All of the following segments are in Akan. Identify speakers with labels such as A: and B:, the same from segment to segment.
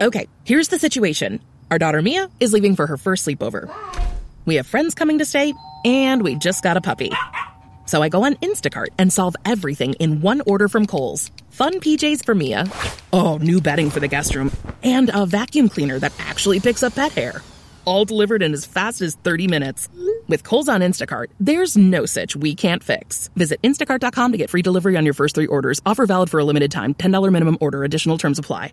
A: Okay, here's the situation. Our daughter Mia is leaving for her first sleepover. We have friends coming to stay, and we just got a puppy. So I go on Instacart and solve everything in one order from Kohl's. Fun PJs for Mia. Oh, new bedding for the guest room. And a vacuum cleaner that actually picks up pet hair. All delivered in as fast as 30 minutes. With Kohl's on Instacart, there's no such we can't fix. Visit instacart.com to get free delivery on your first three orders. Offer valid for a limited time. $10 minimum order. Additional terms apply.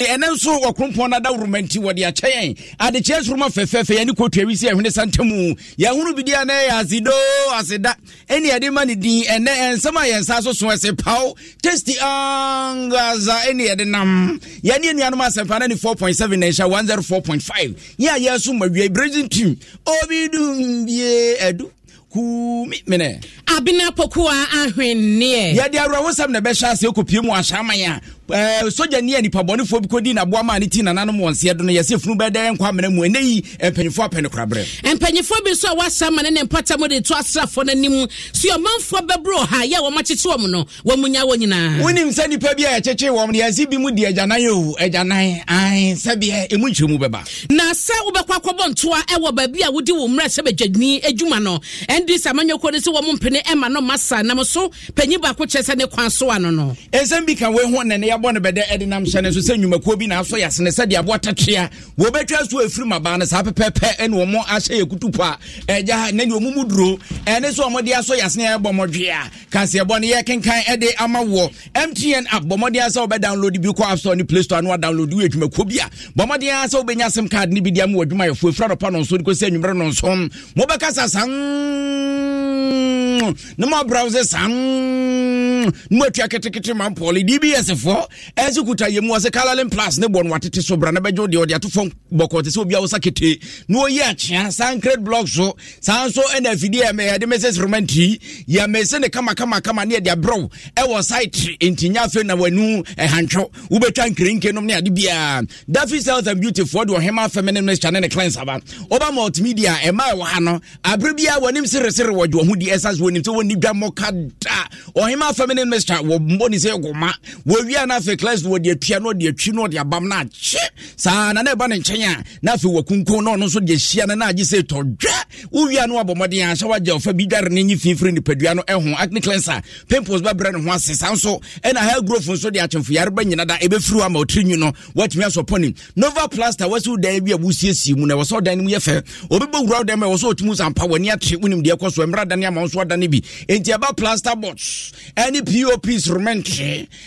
B: ɛnɛ nso wɔkrompɔn no adaworoma nti wɔde akyɛ yɛn adekyeɛ soroma fɛfɛɛfɛ yɛne kɔtuawi sɛ ɛhwene sa ntamu yɛhono bidia na ɛyɛ asedoo aseda ɛne yɛde ma ne din ɛnɛ ɛnsɛm a yɛnsa so so ɛse paw Testi angaza ɛne yɛde nam yɛne anuanom asɛmpa na ne 4.7 na ɛhyɛ 104.5 yɛ a yɛso mawiai brazin team obi dum bie adu kumi mene abena pokoa ahwenneɛ yɛde awerɛwo sɛm na ɛbɛhyɛ ase ɛkɔpie mu ahyɛ aman a sogya ni a nipa bɔnefoɔ bi kɔdi naboa ma ne ti nananom wɔ nseɛ do no yɛsɛ funu bɛdɛ nkɔ amena mu ɛnɛ yi mpanyimfoɔ apɛ no koraberɛ
C: mpanyimfoɔ bi nso a wɔasa ma ne ne mpata mu de to asrafoɔ no anim so ɔmanfoɔ bɛbrɛ ha yɛ wɔmakyekye wɔ mu no wɔmunya wɔ nyinaa wonim sɛ nnipa bi a yɛkyekye wɔ m no yɛse bi mu de agyanan o agyanan ae sɛbeɛ ɛmu nkyerɛ mu bɛba na sɛ wobɛkɔ akɔbɔ ntoa ɛwɔ baabi a wode wo mmerɛ sɛ bɛdwadini adwuma no ɛnde sɛ amanyɔkuo sɛ wɔ mo mpene ɛma no masa nam so panyin baako kyerɛ sɛ ne kwan so ano no ɛnsɛm bi ka wei ho nɛne
B: abɔ no bɛdɛ ɛde nam hyɛ ne so sɛ nnwumakuo bi naaso yɛ asene sɛdeɛ aboa tatwea wɔbɛtwa so ɛfiri ma baa no saa pɛpɛpɛ ɛne ɔmo ahyɛ yɛ kutupɔ a ɛgya na deɛ ɔmo mu duro ɛne sɛ ɔmode asɔ ɛbɔ no yɛkenkan ɛde ama woɔ mtn app bɔmmɔden sɛ wobɛ download bi kɔ app store ne play store no wadownload woyɛ adwumakuo bi a bɔmmɔden sɛ wobɛnya sim card ne bi deɛ ma wɔ adwumayɛfoɔ ɛfira nɔpa no nso de kɔsɛ anwummerɛ no nso mobɛkasa saa na moabrowse saa na ketekete ma mpɔle dbs foɔ bɔ ɛsikuta yɛ mu ɔsɛ kalalin plus ne bɔ e e no watete so bra na bɛgye deɛ ɔde ato fam bɔkɔ te sɛ obi a wosa ketee na ɔyi akyea san nkret block so saa nso ɛna afidie ɛmɛ yɛde mɛsɛ soromanti yɛmɛsɛ ne kamakamakama ne yɛde abrɛw ɛwɔ site nti nya afei na wanu ɛhantwɛ wobɛtwa nkrenke nom ne ade bia dafi south and beauty foɔ de ɔhema feminine minister ne ne clients aba ɔba multimedia ɛma e ɛwɔ ha no aberɛ bia wɔnim seresere wɔde ɔho di ɛsa so wɔnim sɛ wɔnni dwa ka da ɔhema feminine minister wɔmmɔ ne sɛ goma wɔwia na afei class wɔde ɔde atwi ɔde abam akye saa na ne nkyɛn a na afei wakunkun na ɔno nso de ahyia na sɛ wowia no wabɔ mmɔden a wagya ɔfa bi dware nyi finfiri nipadua no ɛho acne cleanser pimples bɛbrɛ ne ho ase saa nso ɛna nso de akyɛmfo yare bɛ nyina da ɛbɛfiri ama ɔtiri nwi no asɔpɔ ne nova plaster wɔsi wo dan bi a wosiesie mu na ɛwɔ sɛ ɔdan no mu yɛ fɛ obɛbɔ wura wo dan ɛwɔ sɛ ɔtumi sampa w'ani ate wonim deɛ so mmra dane ama wo nso ɔdane bi enti ɛba plaster bots ɛne pop instrument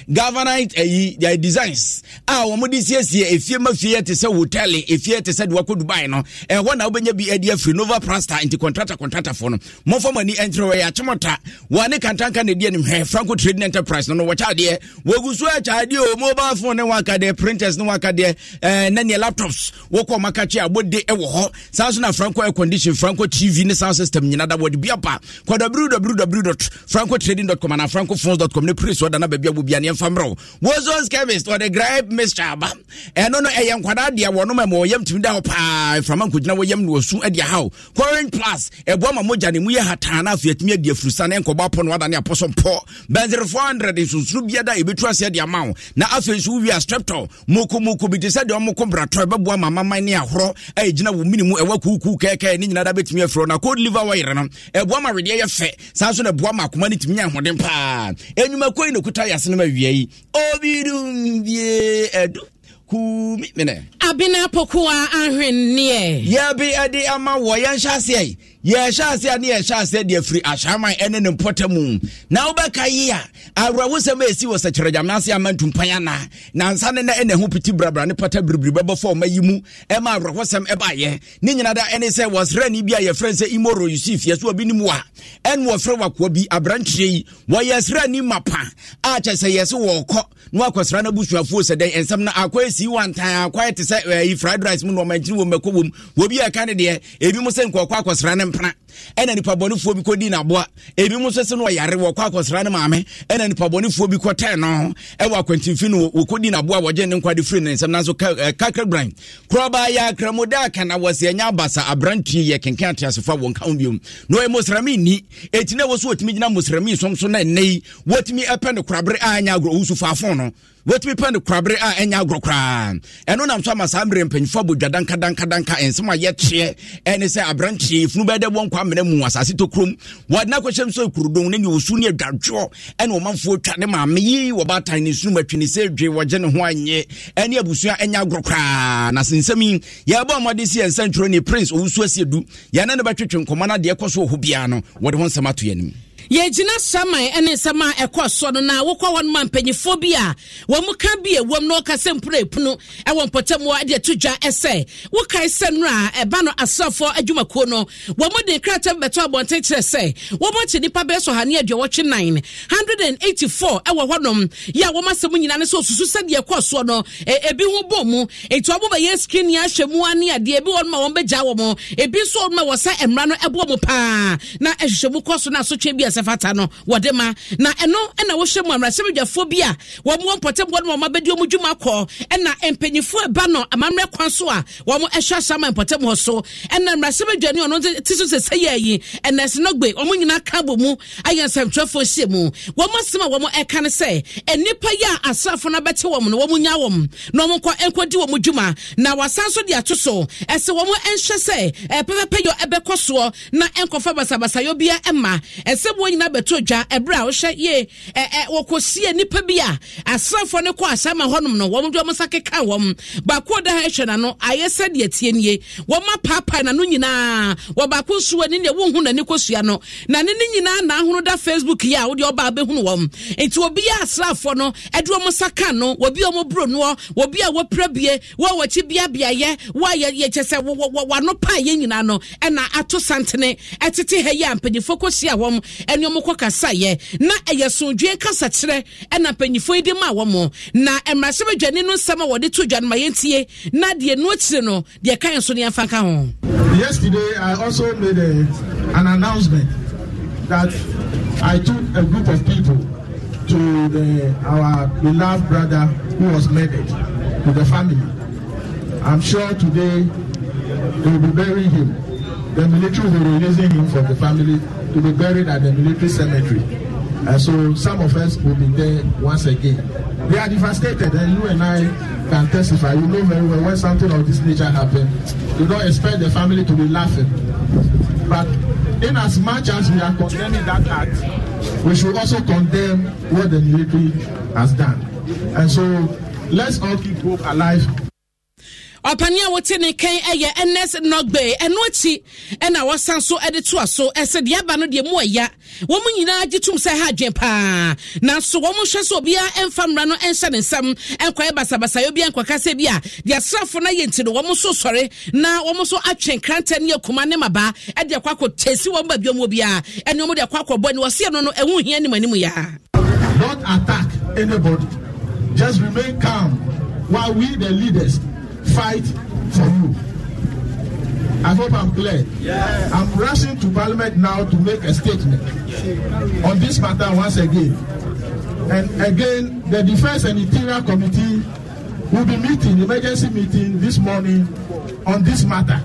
B: galvanite ayi their designs a wɔn de siesie efie ma fie yɛ te sɛ hotel efie te sɛ de wakɔ dubai no ɛhɔ na wobɛnya bi ɛde afiri nova plaster nti contractor contractor fo no mɔfɔ mo ani ɛntere wɔyɛ akyemɔta wɔn ne kantanka na deɛ no hɛ franco trading enterprise no no wɔkyɛ adeɛ wɔgu so ɛkyɛ adeɛ o mobile phone ne waka deɛ printers ne waka deɛ ɛɛ na neɛ laptops wɔkɔ ɔmo akakye abɔde ɛwɔ hɔ saa so na franco air condition franco tv ne sound system nyina da wɔde biapa pa kɔ www franco trading com anaa franco phones com ne praise ɔda na baabi abɔ bia Wozon's chemist ɔde gripe mixture aba ɛno eh, no ɛyɛ nkwadaa deɛ wɔnom ma wɔyam tumi da hɔ paa mframa nkogyina wɔyam no wɔsu adi ahaw corin plus ɛboa eh, ma mogya ne mu yɛ hataa no afei atumi adi afurusane nkɔbɔ apɔ no wadane apɔ so mpɔ bɛnsere 400 nsonsoro biada ɛbɛtu aseɛ de ama na afei eh, nso wowie a streptol mokomoko bi te sɛ deɛ ɔmoko bratɔ ɛbɛboa ma maman ne ahorɔ ɛyɛgyina wo mini mu ɛwɔ kuukuu kɛkɛɛ ne nyina da bɛtumi afrɛ na code liver wɔyere no ɛboa ma wedeɛ yɛ fɛ saa na ɛboa ma akoma no tumi nya ahoɔden paa ɛnwumakoyi na ɛkuta yɛase no ma awia
C: yabirum ɛdu kumi mene abena pokoa ahwenneɛ
B: yɛbi ɛde ama wɔ yɛnhyɛ aseɛ yɛhyɛ aseɛ ne yɛhyɛ aseɛ deɛ firi ahyɛman ɛne ne mpɔta mu na wobɛka yi a awerɛwosɛm a ɛsi wɔ sɛkyerɛgyame ase ama ntumpan anaa nansa ne na ɛna ho piti brabra ne pata biribiri bɛbɔfa ɔma yi mu ɛma awerɛhosɛm ɛbaayɛ ne nyina da ɛne sɛ wɔsrɛne bi a yɛfrɛ sɛ imoro yusuf yɛ so ɔbi a ɛne wɔfrɛ wakoa bi aberankyerɛ yi wɔyɛ srɛne ma pa a kyɛ sɛ yɛ se wɔɔkɔ na wakɔsra no abusuafoɔ sɛ dɛn ɛnsɛm no akɔ ɛsii wantan akɔ ɛte sɛ eh, fried rice mu na ɔmankyini wɔ mmɛkɔ wɔ mu wɔbi a ɛka ne deɛ ebi mu sɛ nkɔɔkɔ akɔsra ne mpena ɛna nipa bɔnefoɔ bi kɔdi naboa ebi mu nso se no ɔyare wɔ kɔ akɔsra ne maame ɛna nipa bɔnefoɔ bi kɔtɛn no ɛwɔ akwantinfi no wɔkɔdi naboa wɔgye ne nkwade firi ne nsɛm nanso kakra bran koraba yɛ akramoda akana wɔ sɛ ɛnyɛ abasa aberantie yɛ kenkan ateasefo a wɔnka ho biom na ɔyɛ mosrami nni ɛti na wɔtumi gyina mosrami som na ɛnnɛ yi wɔtumi ɛpɛ ne korabere a anyɛ agorɔ ɔwusu faafo no wɔtumi pɛ no kwabere a ɛnyɛ agorɔ koraa ɛno nam so ama saa mmerɛ mpanyimfoɔ abodwa dankadankadanka nsɛm a yɛkyeɛ ɛne sɛ aberanteɛ funu bɛyɛ dɛ wɔn amena mu asase to kurom wɔadena kɔhyɛm sɛ kurodon ne neɛ ɔsu ne adwadwoɔ ɛne ɔmanfoɔ twa ne maame yi wɔbaatan ne sunum atwi ne sɛ dwe wɔgye ne ho anyɛ ɛne abusua ɛnyɛ agorɔ koraa na sensɛm yi yɛbɔ mmɔde si yɛn nsɛntwerɛ ne prince ɔwusu asie du yɛne ne bɛtwetwe nkɔmmɔ no adeɛ kɔ so wɔ biara no wɔde ho nsɛm ato yɛnim
C: yɛgyina saman ɛne nsɛm a ɛkɔ soɔ no na wokɔ hɔ no ma mpanyifoɔ bi a wɔn mu ka bi ewom na ɔka sɛ mpura epunu ɛwɔ mpɔtamu de ɛto dwa ɛsɛ wokae sɛ nnura ɛba no asrafo adwumakuo no wɔn mu de krataa bɛtɔ abɔnten kyerɛ sɛ wɔn akyi nipa bɛyɛ sɔ aduɔwɔtwe nine hundred and eighty four ɛwɔ hɔnom yɛ a wɔn asɛm nyinaa no sɛ osusu sɛdeɛ ɛkɔ soɔ no e, ebi ho bɔ mu etu ɔmo bɛyɛ skin ni ahyɛ mu ani adeɛ ebi wɔn ma wɔn bɛgya wɔn ebi nso wɔn mu paa na ɛhyehyɛ mu kɔ so na asɛ fata no wɔde ma na ɛno ɛna wɔhwɛ mu ammerɛsɛmdwafoɔ bi a wɔm wɔ mpɔtɛmboɔ no wɔma bɛdi ɔmu dwuma kɔ ɛna mpanyimfoɔ ɛba no amammerɛ kwan so a wɔm ɛhwɛ ahyɛ ama mpɔtɛm hɔ so ɛna mmerɛsɛmdwani ɔno ti so sɛ sɛ yɛ ayi ɛnɛse no nyinaa ka bɔ mu ayɛ nsɛmtwerɛfoɔ hyia mu wɔm asɛm a wɔm ɛka no sɛ nnipa yi a asraafo no bɛte wɔm no wɔm nya wɔm na wɔm nkɔ nkɔdi wɔm dwuma na wasan so de ato so ɛsɛ wɔm ɛnhyɛ sɛ ɛpɛpɛpɛ yɛ ɛbɛkɔ soɔ na ɛnkɔfa basabasayɔ bia ɛma ɛsɛ wɔ wɔn nyinaa bɛtɔ dwa ɛbrɛ a wɔhyɛ yie ɛɛ wɔkɔsie nipa bi a asrafoɔ no kɔ asama hɔnom no wɔn de wɔn nsa keka wɔn baako da ha ɛhwɛ n'ano ayɛ sɛ deɛ tie nie wɔn apaapaa n'ano nyinaa wɔ baako nso wɔ deɛ wɔn ho n'ani kɔ sua no na ne ne nyinaa n'ahono da facebook yi a wɔde ɔbaa bɛhunu wɔn nti obi a asrafoɔ no ɛde wɔn nsa ka no obi a wɔn buro noɔ obi a wɔpira bie wɔn a wɔkyi bia beaeɛ wɔn ɛne ɔmo kɔ kasaeɛ na ɛyɛ kasa kasakyerɛ ɛna mpanyinfoɔ yi de maa wɔn na mmarahyɛbadwani no nsɛm a wɔde to dwanoma yɛn tie na deɛ no akyire no deɛ kan so ne yɛmfa ka ho.
D: yesterday i also made a, an announcement that i took a group of people to the, our beloved brother who was murdered with the family i'm sure today they will be burying him the military were releasing him from the family to be buried at the military cemetery. And so some of us will be there once again. We are devastated, and you and I can testify. You know very well when something of this nature happens, you don't expect the family to be laughing. But in as much as we are condemning that act, we should also condemn what the military has done. And so
C: let's all keep hope alive ɔpani a wɔte ne kɛn ɛyɛ ns nɔgbe ɛno akyi ɛna wɔsan so ɛde to aso ɛsɛ deɛ aba no deɛ mu ɛya wɔn nyinaa gye tum sɛ ha adwen paa nanso wɔn hwɛ so obiara ɛnfa mmara no ɛnhyɛ ne nsam ɛnkɔyɛ basabasa obiara nkɔkasa bi a deɛ asraafo no yɛ nti no wɔn so sɔre na wɔn so atwe nkrantɛ ne akuma ne maba ɛde akɔ akɔ tesi wɔn baabi wɔn obiara ɛne wɔn de akɔ akɔ bɔ ne wɔsi ɛno no ɛho hia ne mu anim yaa. don't attack anybody just remain
D: calm while we the leaders fight for you. I hope I'm clear. Yes. I'm rushing to Parliament now to make a statement on this matter once again. And again, the Defense and Interior Committee will be meeting, emergency meeting this morning on this matter.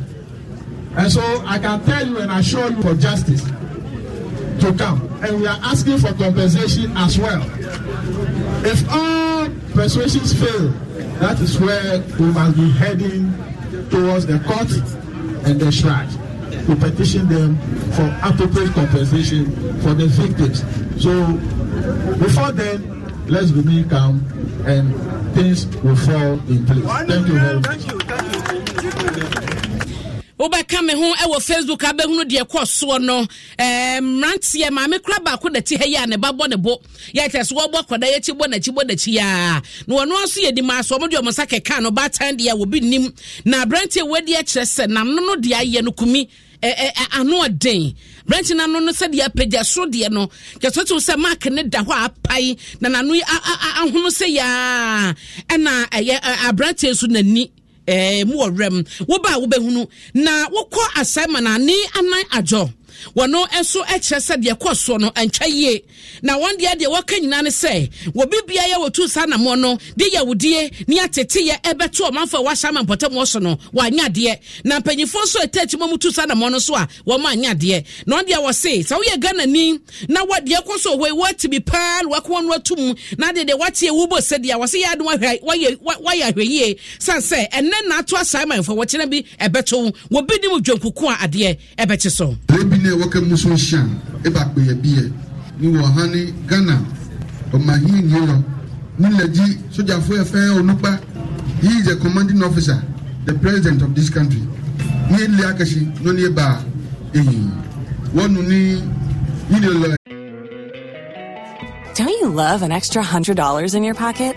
D: And so I can tell you and assure you for justice to come. And we are asking for compensation as well. If all persuasions fail, That is where we must be heading towards the court and the shrine to petition them for appropriate compensation for the victims. So before then, let's remain calm and things will fall in place. Thank you very much
C: wobɛka me ho wɔ facebook abɛhunu deɛ kɔ soɔ no eh, mmeranteɛ maame kora baako dati ha yi a ne ba bɔ ne bo yɛkyerɛ so wɔbɔ kɔda yɛkyi bɔ n'akyi bɔ n'akyi aa na wɔno nso yɛ di maa so wɔde wɔn nsa kɛkaa no baatan deɛ wɔbi nim na aberanteɛ wɔadi akyerɛ sɛ nam no no deɛ ayɛ no kumi eh, eh, ano ɔden branch nano no sɛdeɛ apagya soro deɛ no kyɛsɛ tew sɛ mark ne da hɔ a apae na nano ahono sɛ yaa ɛna ɛyɛ aberanteɛ nso n'ani ɛɛ eh, mu wɔ werɛ mu woba a wobɛhunu na wokɔ asɛmana ne anan adwo wɔno nso kyerɛ sɛ deɛ ɛkɔ soɔ no ɛntwa yie na wɔn deɛ deɛ wɔka nyinaa ne sɛ wɔbi biara wɔtu saa namɔ no de yɛ wodie ne ateteyɛ ɛbɛto ɔmanfo a wɔahyɛ ama mpɔtamu so no wɔanyɛ adeɛ na mpanyinfoɔ nso ɛtɛ akyi mu tu saa namɔ no so a wɔn anyɛ adeɛ na ɔdeɛ wɔse sɛ woyɛ ghanani na wɔdeɛ kɔ so hɔ wɔati bi paa na wɔakɔ no ato mu na deɛ deɛ wɔateɛ wubɔ sɛdeɛ wɔse yɛ ade wɔyɛ ahwɛ yie na ato asaa manfoɔ wɔkyerɛ bi ɛbɛto wɔbi nim dwankuku a adeɛ
E: mu so ɛba ne wɔ ha ne ghana ɔmahin ne sogyafoɔ he is a commanding officer the president of this country ne no ne ɛyi wɔnu ne
A: Don't you love an extra $100 in your pocket?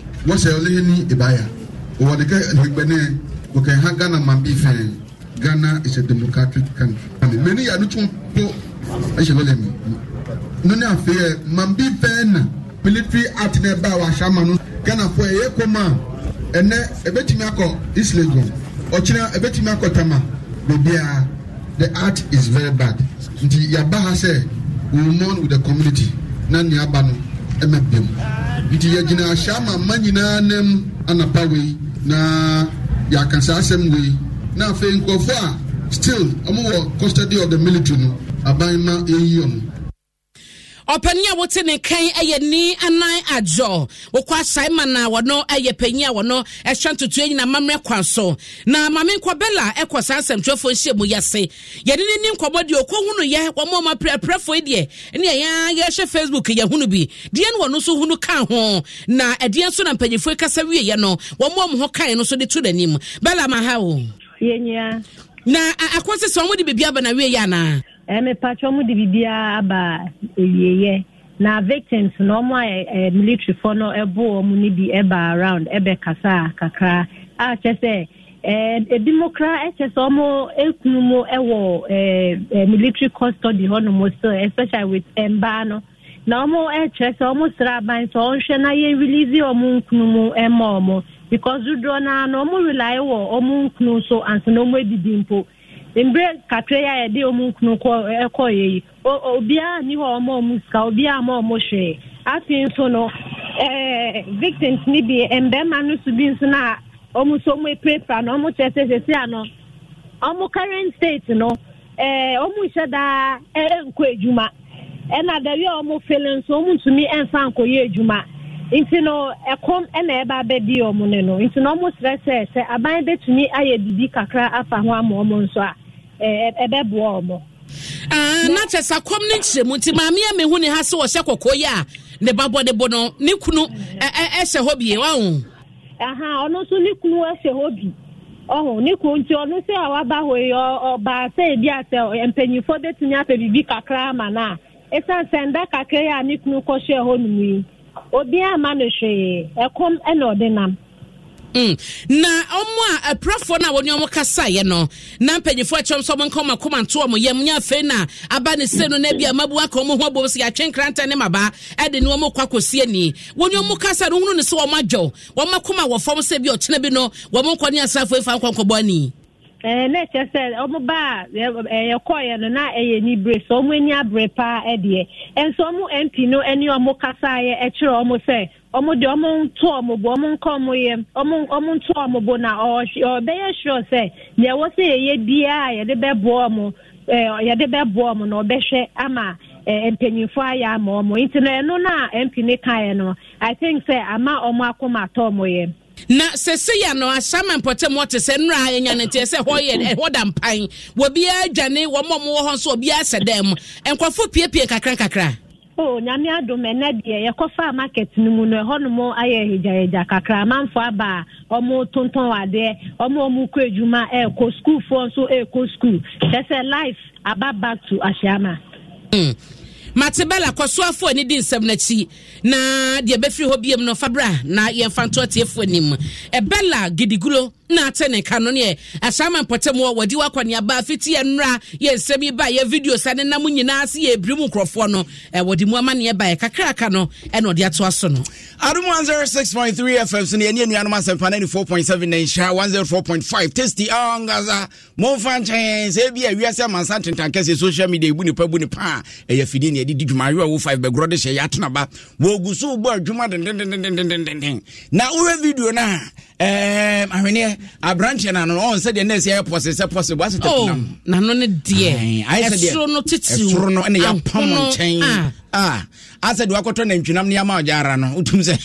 E: wɔsɛ ɔlɛɛ ni ibaya wɔde kɛ ɛnigbɛnɛ wɔkɛ ha ghana man bi fɛn ghana is a democratic country mɛ ni yanu tún po ɛsɛ lɔlɛ mi nínú àfẹ yɛ man bi fɛn na military art náà bá wa aṣa ma no ghana fɔ ɛyɛ kɔma ɛnɛ ɛbɛtumi akɔ east lagos ɔkyerɛ ɛbɛtumi akɔ tama bebia the art is very bad nti yaba ha sɛ we will mourn with the community na nea aba ɛna bɛm nti yɛgyina ahyɛ ama mma nyinaa nam anapa wei na yɛaka saa asɛm wei na afei nkurɔfoɔ
C: a still ɔmo wɔ custody of the military no aban ma ɛyi ɔmo ɔpanin a wote ne kan yɛ ni anan adwo wokɔ ahyɛn ma na wɔno yɛ panyin a wɔno hwɛ ntutu nyina mamrɛ kwan so na maame nkɔbɛla kɔ saa asɛmtwerɛfoɔ nhyia mu yɛse yɛne ne ni nkɔmmɔ deɛ ɔkɔhunu yɛ wɔn ma prɛprɛfoɔ deɛ ne yɛn yɛhwɛ facebook hunu bi deɛ no wɔn nso hunu kaa ho na ɛdeɛ nso na mpanyinfoɔ kasa wieɛ no wɔn wɔn ho kaa no nso de to n'anim bɛla ma ha o.
F: yɛnyia.
C: na akɔsi sɛ wɔn de biribi aba na wieɛ anaa.
F: mepatwa ɔmo de aba ewieyɛ eh, na victims na ɔmo a eh, militarifoɔ no ɛbo eh, ɔmo no bi ɛba around kakra a kyɛ sɛ ebi mo ekunu mo ɛwɔ military custody hɔnom still especially with mbaa no na ɔmo ɛkyerɛ sɛ ɔmo sra aban sɛ ɔnhwɛ na yɛ release ɔmo nkunu ɛma ɔmo because dodoɔ naa na ɔmo rely wɔ ɔmo nkunu so mbrɛ kakra eh, yi a yɛde ɔmo nkunu kɔ ɛkɔ yɛ yi obiara ni hɔ ɔmo ɔmo sika obiara ma ɔmo hwee afei nso no ɛɛ eh, victims ni bi mbɛrima no so bi nso na ɔmo so ɔmo na ɔmo kyerɛ sɛ sɛsi ano ɔmo current state no ɛɛ ɔmo daa ɛɛ nkɔ ɛna dɛbi a ɔmo fele nso ɔmo ntumi ɛnfa nkɔ yɛ nti no ɛkɔm ɛna ɛba abɛdi ɔmo ne no nti na ɔmo sɛ aban bɛtumi ayɛ bibi kakra ɛbɛboa eh, ɔmo.
C: Ah, na kyɛ sa kɔm ne nkyerɛmu nti maame a mehu ne ha sɛ ɔhyɛ kɔkɔɔ yi a ne ba bɔ ne bo no ne kunu eh, eh, ɛhyɛ hɔ bie waho
F: aha ɔno nso ne kunu ɛhyɛ hɔ bi ɔho ne kunu nti ɔno sɛ a waba hɔ yi ɔba sɛ ebi a sɛ mpanyinfoɔ bɛtumi apɛ biribi kakra ama no a ɛsiane sɛ nda kakra yi a ne kunu kɔhyɛ hɔ nom yi obiara ma no hwee ɛkɔm ɛna ɔde nam Mm. na ɔmo a apirafoɔ no a wɔne ɔmo kasaeɛ no na
C: mpanyinfoɔ akyerɛ sɛ ɔmo nka ɔmo akoma ɔmo yam nyɛ afei na aba ne se no na bi amabu aka ɔmo ho abom so yɛatwe nkranta ne maba ɛde ne ɔmo kɔ akɔsie ni wɔne ɔmo kasa no hunu ne sɛ ɔmo adwo ɔmo akoma wɔ fam sɛ bi ɔkyena bi no wɔn nkɔ ne nkɔnkɔbɔ ni.
F: Eh, na ekyɛ sɛ ɔmo ba a ɛkɔɔyɛ no na ɛyɛ ni so ọmụ enyi abere paa ɛdeɛ nso ọmụ mp no ɛne ɔmo kasaeɛ ɛkyerɛ ɔmo ọmụ ɔmo ọmụ ɔmo ọmụ ɔmo bo ɔmo nka ɔmo yɛ ɔmo ɔmo nto ɔmo bo na ɔbɛyɛ sure sɛ nea ɛwɔ sɛ yɛyɛ biara yɛde bɛboa ɔmo ɛɛ yɛde bɛboa ɔmo na ɔbɛhwɛ ama ɛɛ mpanyinfo ayɛ ama ɔmo nti na ɛno na mp ne kaeɛ no i think sɛ ama ɔmo akoma atɔ ɔmo yɛ.
C: na seseya no ahyɛma mpɔtam wɔte sɛ nnura a ɛnya no nteɛ sɛ hɔ yɛ ɛhɔ da mpan wɔbiaa dwane wɔn a wɔwɔ hɔ nso obiaa sɛ dan mu nkurɔfoɔ piepie kakra kakra
F: o nyame adom ɛnɛ deɛ yɛkɔfaa market no mu no ɛhɔnom ayɛ agyayagya kakra amanfo aba a ɔmo tontɔn adeɛ ɔmo ɔmo kɔ adwuma ɛɛkɔ sukuufoɔ nso ɛɛkɔ sukuu kyɛ sɛ life aba back to ahyiama hmm.
C: mate bɛla kɔso afoɔ ne di nsɛm n'akyi na deɛ bɛfiri hɔ biam no fabra na yɛmfa nto atiefoɔ anim ɛbɛla e gidigulo na ate ne ka no neɛ ahyɛma mpɔtam wɔ wɔde wakɔneaba fiti ɛnnora yɛ nsɛm yi ba yɛ video sa ne nam nyinaa se yɛ ɛbiri mu nkurɔfoɔ e e no wɔde mu amanneɛ baɛ kakraka no ɛna ɔde atoa so no adom 106.3 fm so
B: no yɛne anuanom asɛmpa 94.7 na nhyira 104.5 tasty angasa momfa nkyɛn sɛ bi a wiasɛ amansa social media ɛbu nipa bu ne paa ɛyɛ fidini yɛ didi dwuma ayewa wo five bɛgorɔ de hyɛ yɛ atenaba wɔgu so wobɔ adwuma dendendendendenden na wohwɛ video no a Ehm, ahweneɛ aberanteɛ nano ɔn sɛdeɛ na ɛsi ayɛ pɔse sɛ pɔse bo asetɛ oh, ne
C: no no ɛne yɛapam nkyɛn
B: asɛ de wakɔtɔ nantwinam ne yɛama ɔgya no wotum sɛ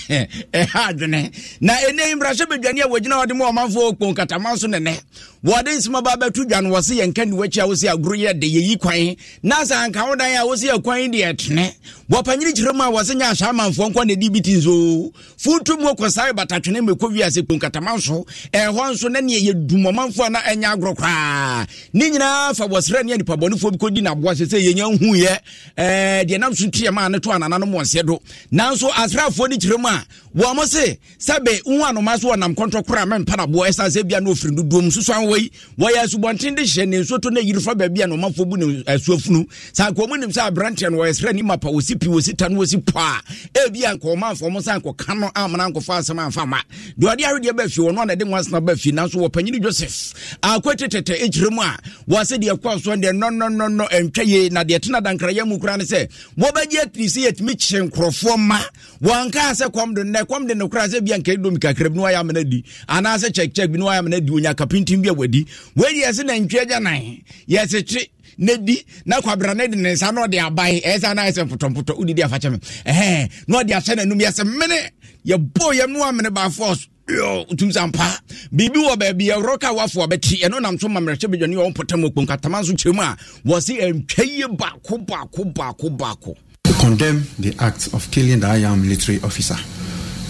B: ɛha adwene na ɛnɛ mmarahyɛ badwane a wɔgyina wɔde ma ɔmanfoɔ ɔkpɔ nkatama so nenɛ wɔde nsoma ba bɛto dwa no wɔ yɛnka niwakyi a wo agoro yɛ de yɛyi kwan na sɛ anka wodan a wo yɛkwan deɛ ɛtene wɔpanyini kyerɛ mu a wɔ nyɛ ahyɛ amanfoɔ nkɔ na ɛdi bi ti nsoo funtum wɔ kɔsae batatwene mɛkɔ wiase katamanso so ɛhɔ nso na neɛ yɛ dumamanfoɔ a na ɛnyɛ agorɔ koraa ne nyinaa fa wɔsrɛ ne anipabɔnefoɔ bi kɔdi naboa sɛ sɛ yɛnya huiɛ deɛ nam so tuyɛ ma ne to anana no mɔnseɛ do nanso asraafoɔ no kyerɛ mu a wɔn mo se sɛbe nhu anoma so wɔnam kɔntɔ koraa mɛmpa naboa ɛsan sɛ bia na ofiri dodoɔ mu soso wɔ yi wɔyɛ asubɔnten de hyɛ ne nsuo to na yiri fa baabi a nɔmafoɔ bu ne asuafunu saa nkɔɔ mu nim sɛ aberanteɛ no wɔyɛ srɛ ne mapa wɔsi pi wɔsi ta no wɔsi paa ebi a nkɔɔmanfoɔ mo sɛ nkɔka no amana nkɔfa asɛm amfa ma deɛ ɔde awedeɛ fi bɛfi wɔno ana ɛde nwansena bɛfi nanso wɔpanyini joseph akwete tɛtɛ ɛkyerɛ mu a wɔasɛ deɛ ɛkɔa soɔ deɛ nɔnɔnɔnɔ ɛntwɛ yie na deɛ tena dankrayɛ mu koraa ne sɛ wɔbɛgye atiri sɛ yɛtumi kyerɛ nkurɔfoɔ ma wɔnkaa sɛ kɔm do nnɛ kɔm de ne koraa sɛ bia do mi kakra bi no wayɛ amana di anaasɛ check bi no wayɛ amana di onya onyakapintim bi a wadi wɔadi na nantwi agya nan yɛsekye nedi na kwabra ne de ne nsa na ɔde abae ɛyɛ sɛ na ayɛ sɛ mpotɔmpotɔ wodidi afakyɛ me ɛhɛ na ɔde ahyɛ n'anum yɛ sɛ mene yɛbɔɔ yɛm no mene by force tum sɛ mpa biribi wɔ baabi ɛworɔ ka wafoɔ bɛte ɛno nam so mammerɛhyɛ badwane ɔwo mpɔtam kponkatama nso kyɛ mu a wɔ se ɛntwa yie baako baako baako baako
G: condemn the act of killing the IAM military officer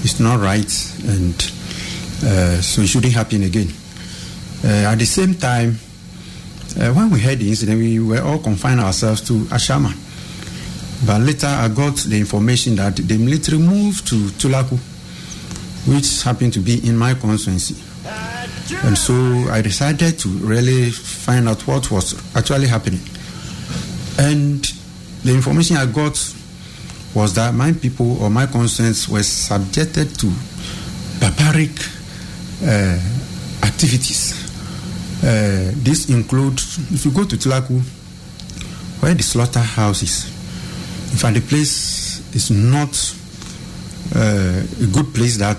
G: it's not right and uh, so it shouldn't happen again uh, at the same time uh, when we heard the incident we were all confined ourselves to Ashama but later I got the information that the military moved to Tulaku which happened to be in my constituency. And so I decided to really find out what was actually happening. And the information I got was that my people or my constituents were subjected to barbaric uh, activities. Uh, this includes, if you go to Tlaku, where the slaughterhouse is, in fact, the place is not uh, a good place that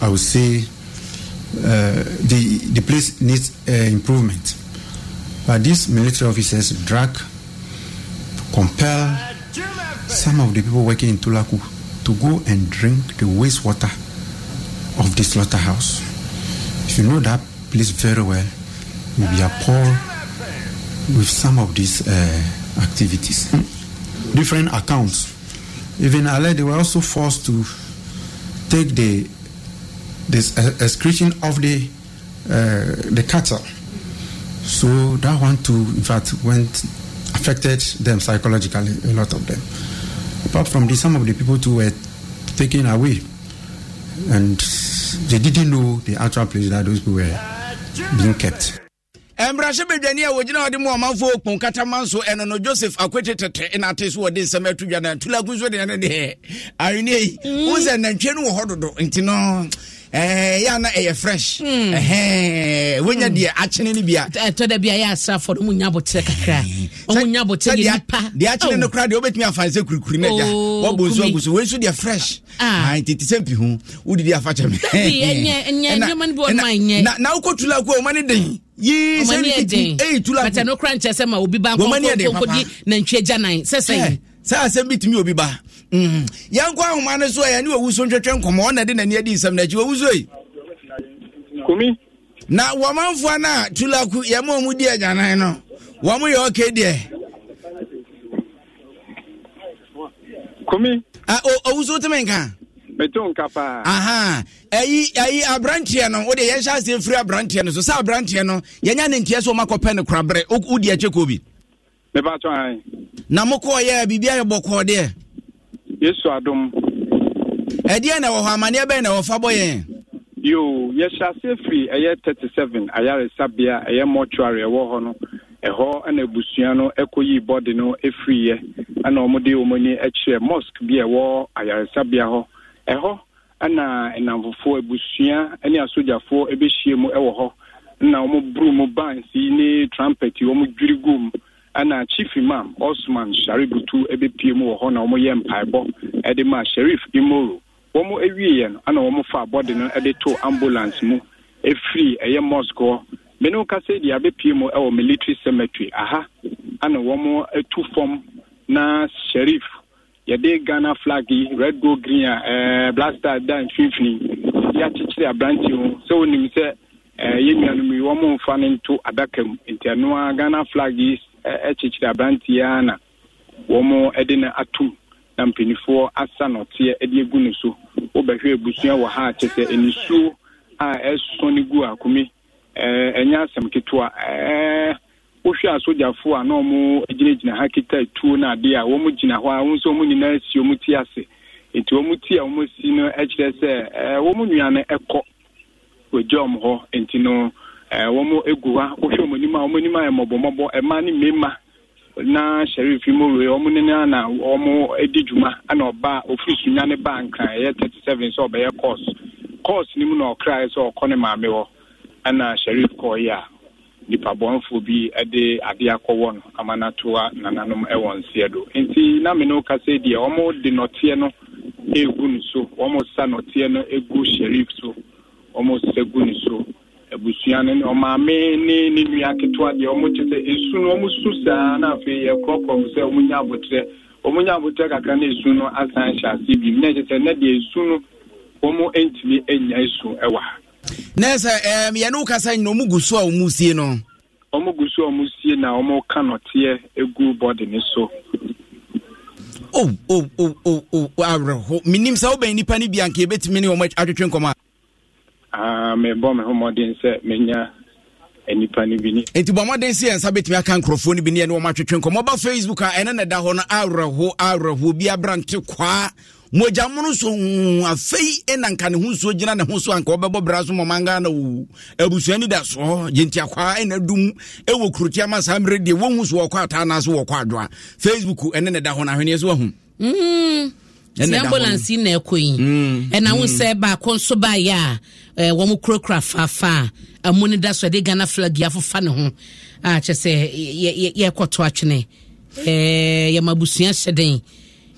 G: I would say uh, the the place needs uh, improvement. But these military officers drag, compel some of the people working in Tulaku to go and drink the wastewater of the slaughterhouse. If you know that place very well, you'll be appalled with some of these uh, activities. Hmm. Different accounts even Ale, they were also forced to take the this excretion of the uh, the cattle. So that one too, in fact, went affected them psychologically. A lot of them. Apart from this, some of the people too were taken away, and they didn't know the actual place that those people were being kept.
B: mmarahyɛ badwani a wɔgyina wɔde mu ɔmanfo okpon katama nso ɛno no joseph akwete tete ɛna ate so wɔde nsɛm ato dwa na tulaku nso deɛ ne deɛ awene yi mm. wohu sɛ nantwie no wɔ hɔ dodo nti no yɛ na ɛyɛ fresh mm. wonya mm. deɛ akyene no bia ɛtɔ da bia yɛ
C: asrafo no munya boterɛ kakra ɔmunya boterɛ yɛ nipa deɛ akyene no
B: koraa deɛ wobɛtumi afa sɛ kurikuri no agya wabɔ nsu agu so wei nso deɛ fresh ah. nti te sɛ mpi ho wodidi afakyɛ
C: me na wokɔtula ko a ɔma ne den yii sɛ ne fiti eyi tula bɛtɛ no kura nkyɛn sɛ ma obi ba nkɔnkɔnkɔ di nantwie gyanan sɛsɛn. sɛ asɛm bi
B: tumi obi ba mm-hmm. yɛnkɔ ahoma no so a yɛne wawu so ntwetwɛ nkɔmmɔ ɔna de nani adi nsɛm no akyi so yi kumi na wɔmanfoɔ no a tulaku yɛma ɔmu di agyanan no wɔ mo yɛ ɔke deɛ kumi ɔwu so woteme nka
H: metu nkapa.
B: Ahaa, ɛyi ɛyi aberanteɛ no o de yɛn hyɛ ase firi aberanteɛ no so aberanteɛ no yɛnya ne nteɛ so ɔma kɔpɛ ne o di ɛkyɛ kobi. na mo kɔɔ yɛ biribi ayɛ bɔ kɔɔ deɛ. yesu adum. ɛdeɛ na ɛwɔ hɔ amaneɛ na bɔ yɛn.
H: yoo ase firi ayaresabea ɛyɛ mɔtuari ɛwɔ hɔ no ɛhɔ ɛna abusua no ɛkɔyi efiri ɛna ɛhɔ ɛna ɛnamfofoɔ abusua ne asogyafoɔ ɛbɛhyia mu ɛwɔ hɔ na wɔn buru mu bands yi ne trumpet yi wɔn dwiri gu mu ɛna chief imam osman shaributu ɛbɛpie mu wɔ hɔ na wɔn yɛ mpaebɔ ɛde ma sheriff imoro wɔn awieɛ no ɛna wɔn fa abɔde no ɛde to ambulance mu ɛfiri ɛyɛ mosque hɔ menu kasa deɛ abɛpie mu ɛwɔ military cemetery aha ɛna wɔn etu fam na sheriff yɛde ghana flag yi red gold green a ɛɛ eh, blaster da mfimfini yɛ akyekyere aberante ho sɛ onim sɛ ɛɛ eh, yɛ nuanom yi wɔn mfa no nto adaka mu nti ɛno a ghana flag yi ɛkyekyere eh, aberante yi ara na wɔn ɛde no atum na mpanimfoɔ asa nɔteɛ ɛde egu ne so wɔbɛhwɛ abusua wɔ ha kyɛ sɛ nisuo a ɛsɔ ne gu akumi ɛɛ ɛnyɛ asɛm ketewa ɛɛ. wohwɛ asogyafoɔ a na ɔmo gyinagyina ha kita tuo no adeɛ a wɔn gyina hɔ a wɔn nso nyinaa si wɔn ti ase nti wɔn ti a wɔn si no kyerɛ sɛ wɔn nua no kɔ wɔgya wɔn hɔ nti no wɔn ha wohwɛ wɔn anim a wɔn anim ayɛ na sheriff yi wɔn na wɔn di dwuma ɔbaa sunya ne baa nkran ɛyɛ thirty seven sɛ ɔbɛyɛ na ɔkra nipabɔnfoɔ bi de adeɛ akɔwɔ no ama nananom do nti na me ne woka sɛ nɔteɛ no egu ne so sa nɔteɛ no egu so ɔmosa gu ne so abusua no ɔmaame ne ne nua ketewa deɛ ɔmokye sɛ ɛsu no saa na afei sɛ na esu no asan hyɛ bi mu na deɛ anya esu
B: ɛwɔ na sɛ eh, yɛne na nyina ɔmu gu so a ɔmu sie no
H: ɔmu gu so a ɔmu sie na ɔmu ka nɔteɛ egu bɔdi ne so
B: o oh, o oh, o oh, o o awerɛho menim sɛ nipa n'ibia nke bi anka yɛbɛtumi ne a ah, mebɔ me ho mmɔden sɛ nipa no bi ni. nti bɔ mmɔden si yɛn nsa bɛtumi aka nkurɔfoɔ no bi ne yɛne wɔn atwetwe nkɔmmɔ ba facebook a ɛne na ɛda hɔ no awerɛho awerɛho bi aberante kwaa mogyamono so afei ɛna nka ne ho nsuo gyina ne ho so anka wɔbɛbɔ bra so mɔmanga na wo abusua ni da soɔ gyentiakwaa ɛna dum ɛwɔ kurotiama saa mmerɛ deɛ wɔhu so wɔkɔ ataa naa so wɔkɔ adwoa facebook ɛne ne da hɔ no ahweneɛ
C: so
B: sɛ ambulance
C: yi na ɛkɔ yi mm, ɛna ho mm. sɛ baako nso baeɛ a wɔn kurakura faafa a ɛmu no da so ɛde ghana flag yi afefa ne ho a kyɛ sɛ yɛkɔto atwene yɛma abusua hyɛ den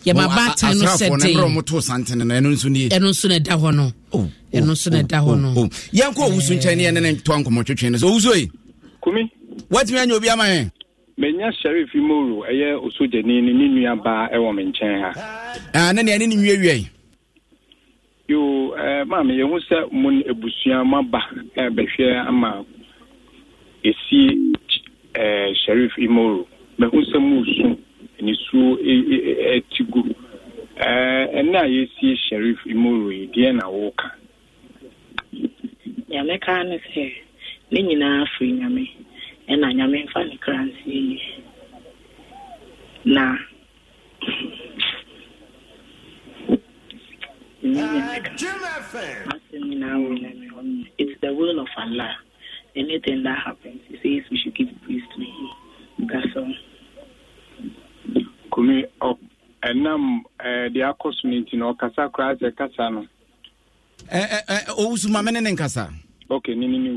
C: yɛma baatan no hyɛ den
B: ɛno
C: nso na ɛda hɔ no oh,
B: oh, ɛno nso na oh, ɛda hɔ no yɛnkɔ owusu nkyɛn ne yɛne ne to ankɔmmɔ twetwe no sɛ owusu yi kumi watumi anya obi ama yɛn
H: menya sheriff moro ɛyɛ osogyani ne ne nuabaa ɛwɔ me nkyɛn ha
B: ne na ne ne nwiewie
H: yo maame yɛhu sɛ mo no abusua moaba bɛhwɛ ama ɛsi sheriff imoro mahu sɛ moresu nisuo ti gu ɛnɛ a yɛsie sheriff imoro yi deɛ na woreka
I: nyame kaa ne sɛ ne nyinaa firi nyame ɛna nyame mfa ne kra nsie na It's the will of Allah. Anything that happens, He says we should give praise
H: to Him. That's all. Kumi, oh, ɛnam eh, deɛ akɔ so no nti na ɔkasa koraa sɛ kasa no
B: ɔwusumame eh, eh, oh, ne ne nkasa
H: ok ne ne ne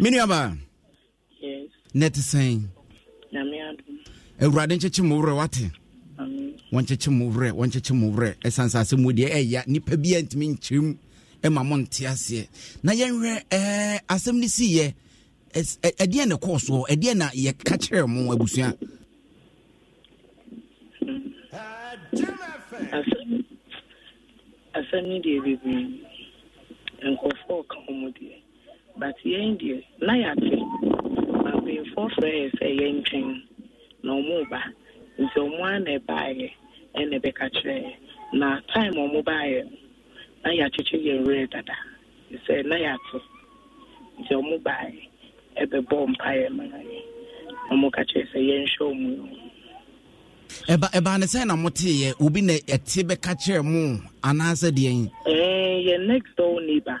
B: me nuaba na ɛte sɛn awurade nkyekye mo werɛ wate wɔnkyekye mo werɛ wɔnkyekye mo werɛ ɛsiane sɛ asɛ mu deɛ ɛya nnipa bi a ntumi nkyerɛm ɛma mo nte aseɛ na yɛnhwɛ ɛɛ asɛm no siiɛ ɛdeɛ na ɛkɔɔ soɔ ɛdeɛ na yɛka kyerɛ mo abusua
I: asɛm no deɛ bebree nkɔfoɔ ka ho mu deɛ but yɛn deɛ na yɛate mampanyinfoɔ frɛ yɛ sɛ yɛntwɛn na ɔmo ba nti ɔmo a na ɛbaeɛ ɛna ɛbɛka kyerɛ na taịm ɔmo baeɛ no na yɛakyekyere yɛn werɛ dada sɛ na yɛate nti ɔmo baeɛ ɛbɛbɔ mpaeɛ ma yɛ ɔmo ka kyerɛ sɛ yɛnhwɛ ɔmo yɛ
B: ɛba ɛba ne sɛn na moteeɛ obi na ɛte bɛka kyerɛ mo anaasɛ deɛn
I: yɛ next door neighbor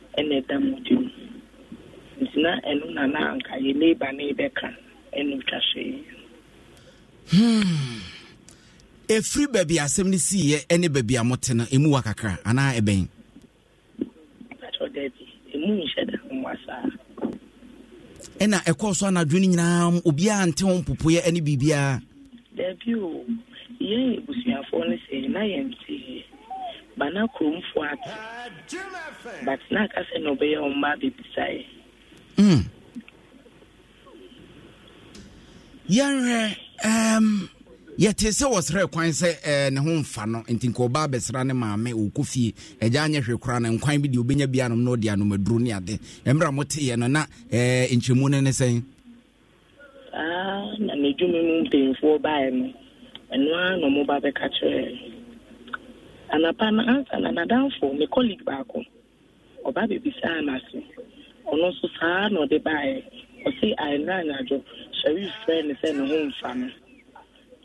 I: ɛna ɛda e e hmm. e mu di mu nti na ɛno na na anka yɛ leba na yɛbɛka ɛna otwa so
B: yi. ɛfiri baabi asɛm no siiɛ ne beebi a mote no emu wa kakra anaa ɛbɛn ɛna ɛkɔɔ so anadu ne nyinaa obi a nte ho mpopoeɛ ne biribiaa
I: daabi o yɛn ebusuafo ne sɛ na yɛnte bana na ati ato but na aka sɛ na ɔbɛyɛ ɔmma bebisaeɛ
B: yɛnhwɛ um, yɛte sɛ wɔsrɛ kwan sɛ eh, ne ho mfa no nti nka bɛsra ne maame ɔkɔ fie agya anyɛ hwɛ no nkwan bi deɛ na ɔde anomaduro ne ade no na eh, nkyɛmu ah, e
I: no na n'adwuma mu baeɛ no ɛno ara na ɔmoba bɛka anapa na ansa na nadamfo me colleague baako ɔba bebisaa n'ase ɔno nso saa na ɔde baeɛ ɔse aenra anadwo sharif frɛ ne sɛ ne ho mfa no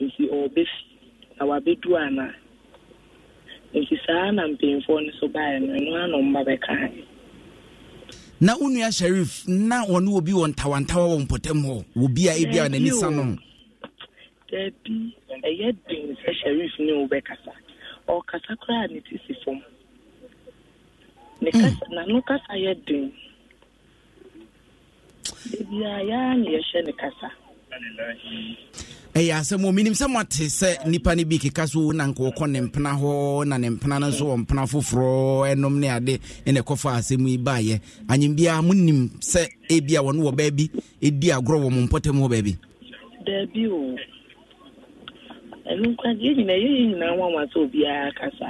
I: nti ɔɔbɛfi na wabɛdu ana nti saa na mpanyinfoɔ no so baeɛ no ɛno ana ɔmba bɛka
B: na wo nua sharif na ɔne obi wɔ ntawantawa wɔ mpɔtam hɔ obi a ebia n'ani sa no
I: daabi ɛyɛ den sɛ sharif ne wo bɛkasa ɔkasa mm. koraa ne ti si fam ne kasa n'ano kasa yɛ den ebi a yaa na yɛhyɛ ne kasa.
B: ɛyɛ asɛm o menim sɛ moate sɛ nnipa no bi keka so na nka wɔkɔ ne mpena hɔ na ne mpena no nso wɔ mpena foforɔ ɛnom ne ade ne ɛkɔfa asɛm yi baayɛ anyem biara monim sɛ ebia wɔne wɔ baabi ɛdi agorɔ wɔ mo mpɔtam hɔ baabi
I: daabi o oh. ɛno nkwagye nyinaa yɛyɛ nyinaa wanwa sɛ kasa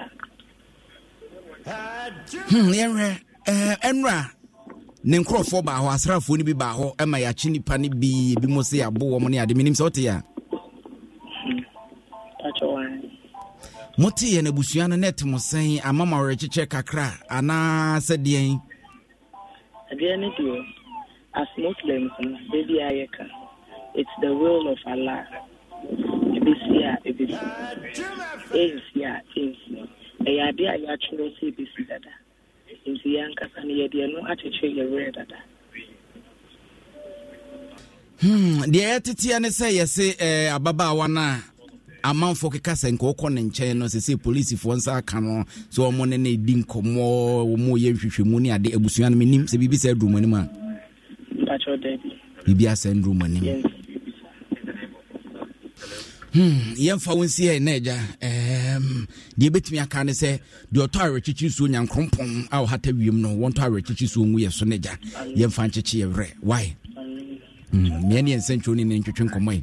B: yɛwerɛ ɛnora ne nkurɔfoɔ baa hɔ asraafoɔ no bi baa hɔ ɛma yɛakye nnipa no bi ebi mu sɛ yɛaboɔ m ne ade menim sɛ wote a moteɛ no abusua no na ɛte mo sɛn ama ma werɛkyekyɛ kakra anaa sɛ deɛn
I: as muslims no baabi a it's the will of allah ebesi a ebesi esi hmm, a esi ɛyɛ ade a yɛakyerɛ sɛ ebesi dada nti yɛn ankasa no yɛde ɛno akyekyere yɛ dada.
B: deɛ yɛteteɛ ne sɛ yɛse eh, ababaawa no a amanfoɔ keka sɛ nka wokɔ ne nkyɛn no sɛ sɛ polisifoɔ nsa aka no sɛ ɔmo ne no ɛdi nkɔmmɔ wɔ mu yɛ nhwehwɛmu ne ade abusua no menim sɛ biribi sɛ aduru a biribi asɛ nduru mu Hmm, yɛmfa wo nsi na agya deɛ ɛbɛtumi aka ne sɛ deɛ ɔtɔ awerɛkyekye suo nyankrompɔn a ɔhata wiem no wɔntɔ awerɛkyekye suo ngu yɛ so no agya yɛmfa nkyekye yɛwerɛ wae hmm, mmea ne yɛnsɛ ntwɛ ne ne ntwetwe nkɔmmɔ yi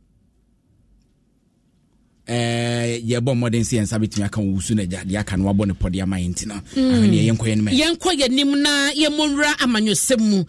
B: Eh, yɛbɔ mmɔden sɛ yɛnsa bɛtumi aka wo su no agya deɛ aka no wabɔ ne pɔde ama yɛ nti no mm. ahweneɛ yɛnkɔ yɛ
C: yɛnkɔ yɛnim na yɛmmɔwura amanyɔsɛm mu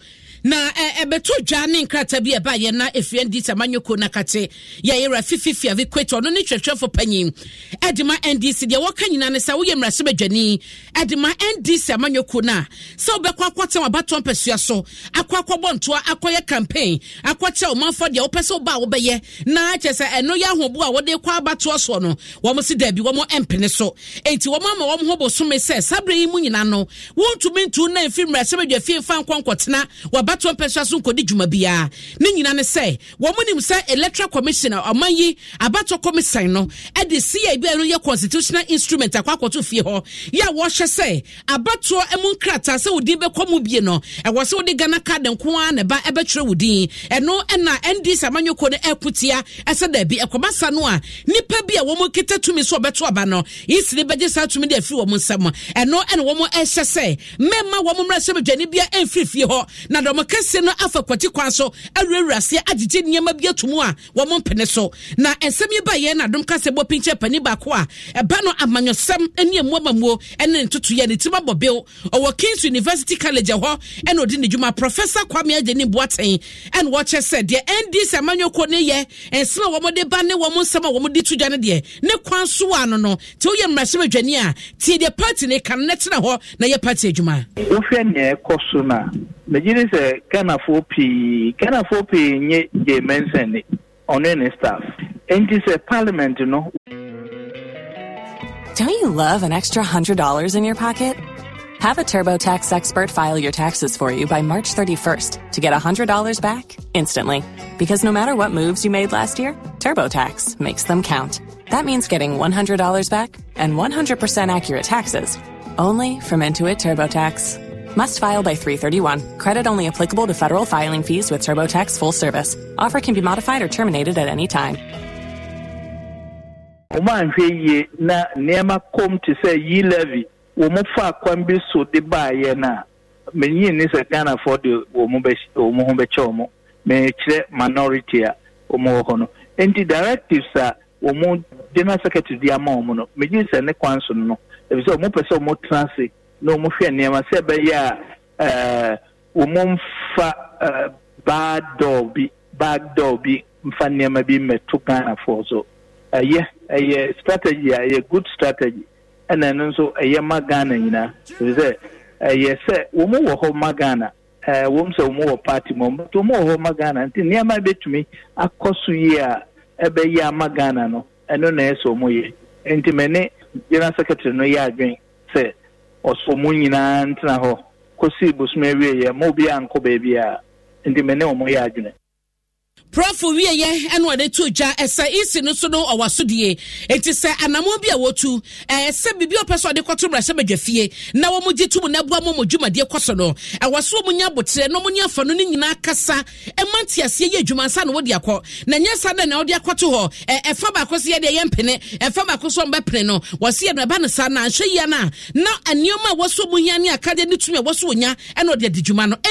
C: na ɛbɛto eh, eh, dwa ne nkrataa bi ɛba yɛ na efie ndi samanyoko na kate yɛyɛra fififi a vikweto ɔno ne twɛtwɛfo panyin ɛde ndc deɛ wɔka nyinaa ne sa woyɛ mmarahyɛ badwani ɛde ma ndc amanyoko na sɛ wobɛkɔ akɔtɛ wabatɔn pɛsua so akɔ akɔbɔ ntoa akɔyɛ campaign akɔkyɛ ɔmanfoɔ deɛ wopɛ sɛ wobaa wobɛyɛ na kyɛ sɛ ɛno yɛ ahobo a wɔde kɔ abatoɔ so no wɔn si daabi wɔn mpene so enti wɔn ama wɔn ho bosome sɛ sabre yi mu nyinaa no wɔntumi ntu na efi mmarahyɛ badwa fie fa nkɔnkɔtena wɔba abatoɔ mpɛ so nkɔdi dwuma biara ne nyina ne sɛ wɔn nim sɛ electoral commissioner ɔman yi abatoɔ commission no de cia bi a yɛ constitutional instrument akɔ akɔto fie hɔ yɛ a wɔhyɛ sɛ abatoɔ mu nkrataa sɛ wodi bɛkɔ mu bie no ɛwɔ sɛ wode ghana card nko ara ne ba ɛbɛtwerɛ wo din ɛno ɛna ndc amanyɔkuo no ɛko tia ɛsɛ daabi ɛkɔba sa no a nnipa bi a wɔn kita tumi so ɔbɛto aba no yisiri bɛgye saa tumi de afiri wɔn nsam ɛno ɛna wɔn ɛhyɛ sɛ mmarima wɔn mmerɛ sɛ bɛdwani bia ɛmfiri fie hɔ na dɔm wɔn kɛseɛ no afa kwati kwan so awurawura seɛ agyegye nneɛma bi ato mu a wɔn mpene so na nsɛm yi ba yɛn na dom kasa bɔ pinkyɛ panin baako a ɛba no amanyɔsɛm ne emu amamuo ne ne ntutuiɛ ne tirim abɔ bill ɔwɔ kings university college hɔ ɛna odi ne dwuma professor kwame agyeni boateng ɛna wɔkyɛ sɛ deɛ ndc amanyɔkuo ne yɛ nsɛm a wɔn de ba ne wɔn nsɛm a wɔn de tu dwa ne deɛ ne kwan so wa ano no te woyɛ mmarahyɛm adwani a tie deɛ party ne kan ne tena hɔ na yɛ party adwuma.
J: wofɛ nea ɛkɔ so na megye sɛ ghanafoɔ pii ghanafoɔ pii nye ɔne ne staff enti sɛ parliament no.
A: don't you love an extra hundred dollars in your pocket. Have a TurboTax expert file your taxes for you by March 31st to get $100 back instantly. Because no matter what moves you made last year, TurboTax makes them count. That means getting $100 back and 100% accurate taxes only from Intuit TurboTax. Must file by 331. Credit only applicable to federal filing fees with TurboTax full service. Offer can be modified or terminated at any time.
J: na nti directives a wɔn general secretary de ama wɔn no megye sɛ ne kwan so no no wɔn pɛ sɛ wɔn tena ase na wɔn hwɛ nneɛma sɛ ɛbɛyɛ a wɔn mfa ɛɛ baadɔɔ bi baadɔɔ bi mfa nneɛma bi mmɛto ghanafoɔ so ɛyɛ ɛyɛ strategy a ɛyɛ good strategy ɛna ɛno nso ɛyɛ ma ghana nyinaa efisɛ ɛyɛ sɛ wɔn wɔ hɔ ma ghana ɛɛ wɔn sɛ wɔn wɔ party mu but wɔn wɔ hɔ ma ghana nti nneɛma bɛtumi akɔ so yie a ɛbɛyɛ ama ghana no ɛno na ɛsɛ wɔn yɛ nti mɛ ne general secretary no yɛ adwene sɛ ɔso mu nyinaa ntena hɔ kɔsi bosom awieɛ ma obi ankɔ baabi a nti me yɛ adwene
C: prɔfo wieyɛ ɛna ɔde to gya ɛsɛ isi no eh, so no ɔwɔ eh, so die eti sɛ anamɔ bi a wɔtu ɛɛ bibi ɔpɛ sɛ ɔde kɔto mmarahyɛ badwa fie na wɔn gye tum na ɛboa mo mo dwumadie kɔ so no ɛwɔ so wɔn nyɛ abotire na wɔn nyɛ afa ne nyinaa kasa ɛma e nti aseɛ yɛ adwuma nsa na wɔde akɔ na nyɛ sa dɛ na wɔde akɔto hɔ ɛfa baako so yɛ deɛ yɛ mpene ɛfa baako so ɔmbɛ pene no wɔsi yɛ no ɛba na ahwɛ yia na na nneɛma a wɔso mo hia ne akadeɛ ne tumi a wɔso wɔnya ɛna ɔde adi dwuma no e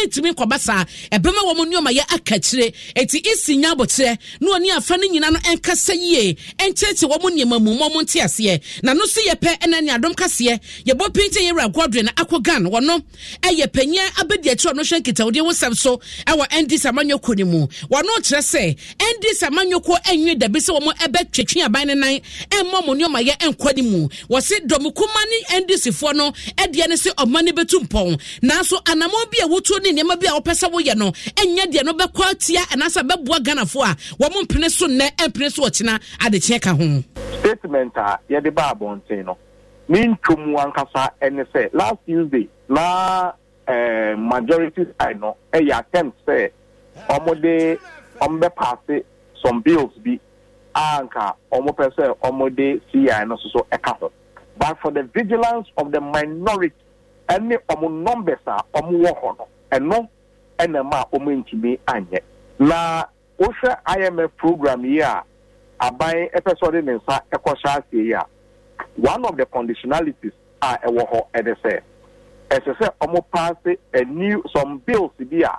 C: nti nya abɔkyerɛ na ɔne afa no nyina no ɛnkasa yie ɛnkyɛnkyɛ wɔ nneɛma mu ma nte aseɛ na no so yɛ pɛ ɛna ne adom kaseɛ yɛbɔ pinten yɛwura godwin akɔ gan wɔno ɛyɛ panyin abɛdi akyerɛ ɔno hwɛ nkitawudeɛ wosɛm so ɛwɔ ɛndi samanyɔkɔ ne mu wɔno kyerɛ sɛ ɛndi samanyɔkɔ ɛnwe dabi sɛ wɔn ɛbɛtwetwe aban ne nan ɛmmɔ mo nneɛma yɛ ɛnkɔ ne mu wɔsi dɔmukuma ne ndcfoɔ no ɛdeɛ ne sɛ ɔma ne bɛtu mpɔn nanso anamɔ bi a wotuo ne nneɛma bi a wɔpɛ sɛ woyɛ no ɛnyɛ deɛ no bɛkɔ tia anaasɛ bɛboa ghanafoɔ a wɔn mpene so nnɛ mpene so ɔkyena adekyeɛ ka ho.
K: statement a yɛde ba abɔnten no ne ntwom ankasa ne sɛ last tuesday na eh, majority side no yɛ eh, attempt sɛ wɔde wɔbɛpaase some bills bi a nka wɔpɛ sɛ wɔde ci no soso ka ho but for the vigilance of the minority ɛne wɔn numbers a wɔwɔ hɔ no ɛno ɛna ma wɔn ntumi anyɛ na wohwɛ imf program yi a aban ɛpɛ sɛ ɔde ne nsa ɛkɔhyɛ aseɛ yi a one of the conditionalities a ɛwɔ hɔ ɛde sɛ ɛsɛ sɛ ɔmo paase a new some bills bi a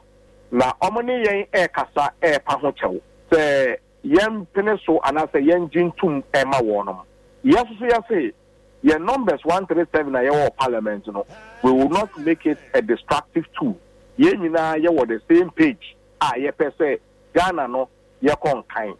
K: na ɔmo ne yɛn ɛɛkasa ɛɛpa ho kyɛw sɛ yɛn pene so anaasɛ yɛn gye ntum ɛɛma wɔn no yɛsoso yɛse yɛn numbers one three seven a yɛwɔ parliament no we will not make it a destructive tool yɛn nyinaa yɛwɔ the same page a yɛpɛ sɛ ghana no yɛkɔ nkan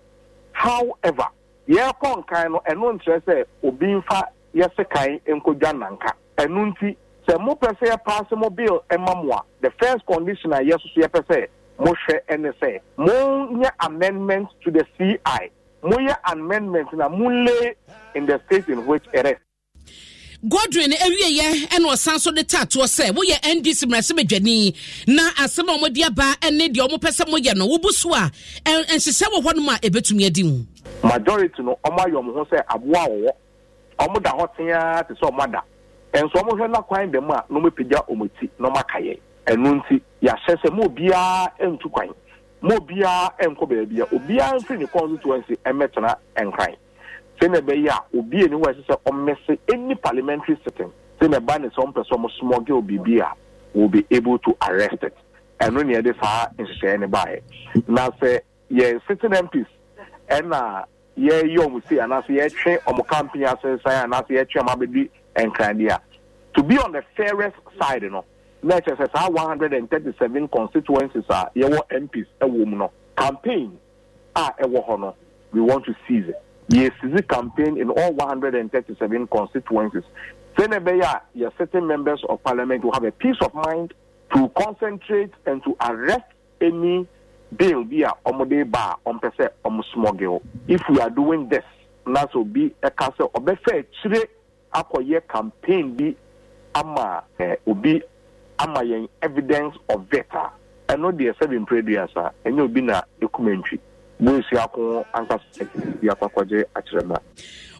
K: however yɛkɔ nkan no ɛno nkyerɛ sɛ obi nfa yɛse kan nkɔdwa nanka ɛno nti sɛ mopɛ sɛ yɛpaase mo bill ɛma mo a the first condition a yɛsoso yɛpɛ sɛ mohwɛ ɛne sɛ monyɛ amendment to the ci moyɛ amendment na monlay in the state in which it
C: godwin awieyɛ ɛna ɔsan so de taatoɔ sɛ woyɛ ndc mmerɛsɛ badwani na asɛm a ɔmɔde aba ne deɛ ɔmopɛ sɛ moyɛ no wobu so a nhyehyɛ wɔ hɔnom a ɛbɛtumi adi mu
K: majority no ɔmo ayɛ ɔmo ho sɛ aboa a wɔwɔ ɔmo da hɔ teaa te sɛ ɔmo ada nso ɔmo hwɛ n'akwan dɛm a na apagya ɔmo ti na aka yɛ ɛno nti yɛahyɛ sɛ mo obiara ntu kwan mo obiara nkɔ baabi a obiara mfiri ne constituency mmɛtena nkran sɛ na ɛbɛyɛ a obi ani wɔ ɛsɛ sɛ ɔmmɛse any parliamentary sitting sɛ na ɛba ne sɛ ɔmpɛ sɛ ɔmosmɔge obibi a will be able to arrest it ɛno ne yɛde saa nhyehyɛeɛ no baeɛ na sɛ yɛ sitting mps ɛna yɛyɛ ɔmo sei anaasɛ yɛtwe ɔmo campaign asensan anaasɛ yɛtwe ɔmo abɛdi nkrandeɛ a to be on the fairest side no na ɛkyɛ sɛ saa one hundred and thirty seven constituencies a yɛwɔ mps ɛwɔ e mu no campaign a ɛwɔ e hɔ no we want to seize it yɛsisi campaign in all 137 constituencies sɛne ɛbɛyɛ a your certain members of parliament will have a peace of mind to concentrate and to arrest any bill bi a ɔmode ba a ɔmpɛ sɛ ɔmo smuggle if we are doing this na sɛ obi ɛka sɛ ɔbɛfɛ akyire akɔyɛ campaign bi ama eh, obi ama yɛn evidence of it a ɛno deɛ sɛ bi mpere dua saa ɛnyɛ obi na ɛkum boosi ako ankasa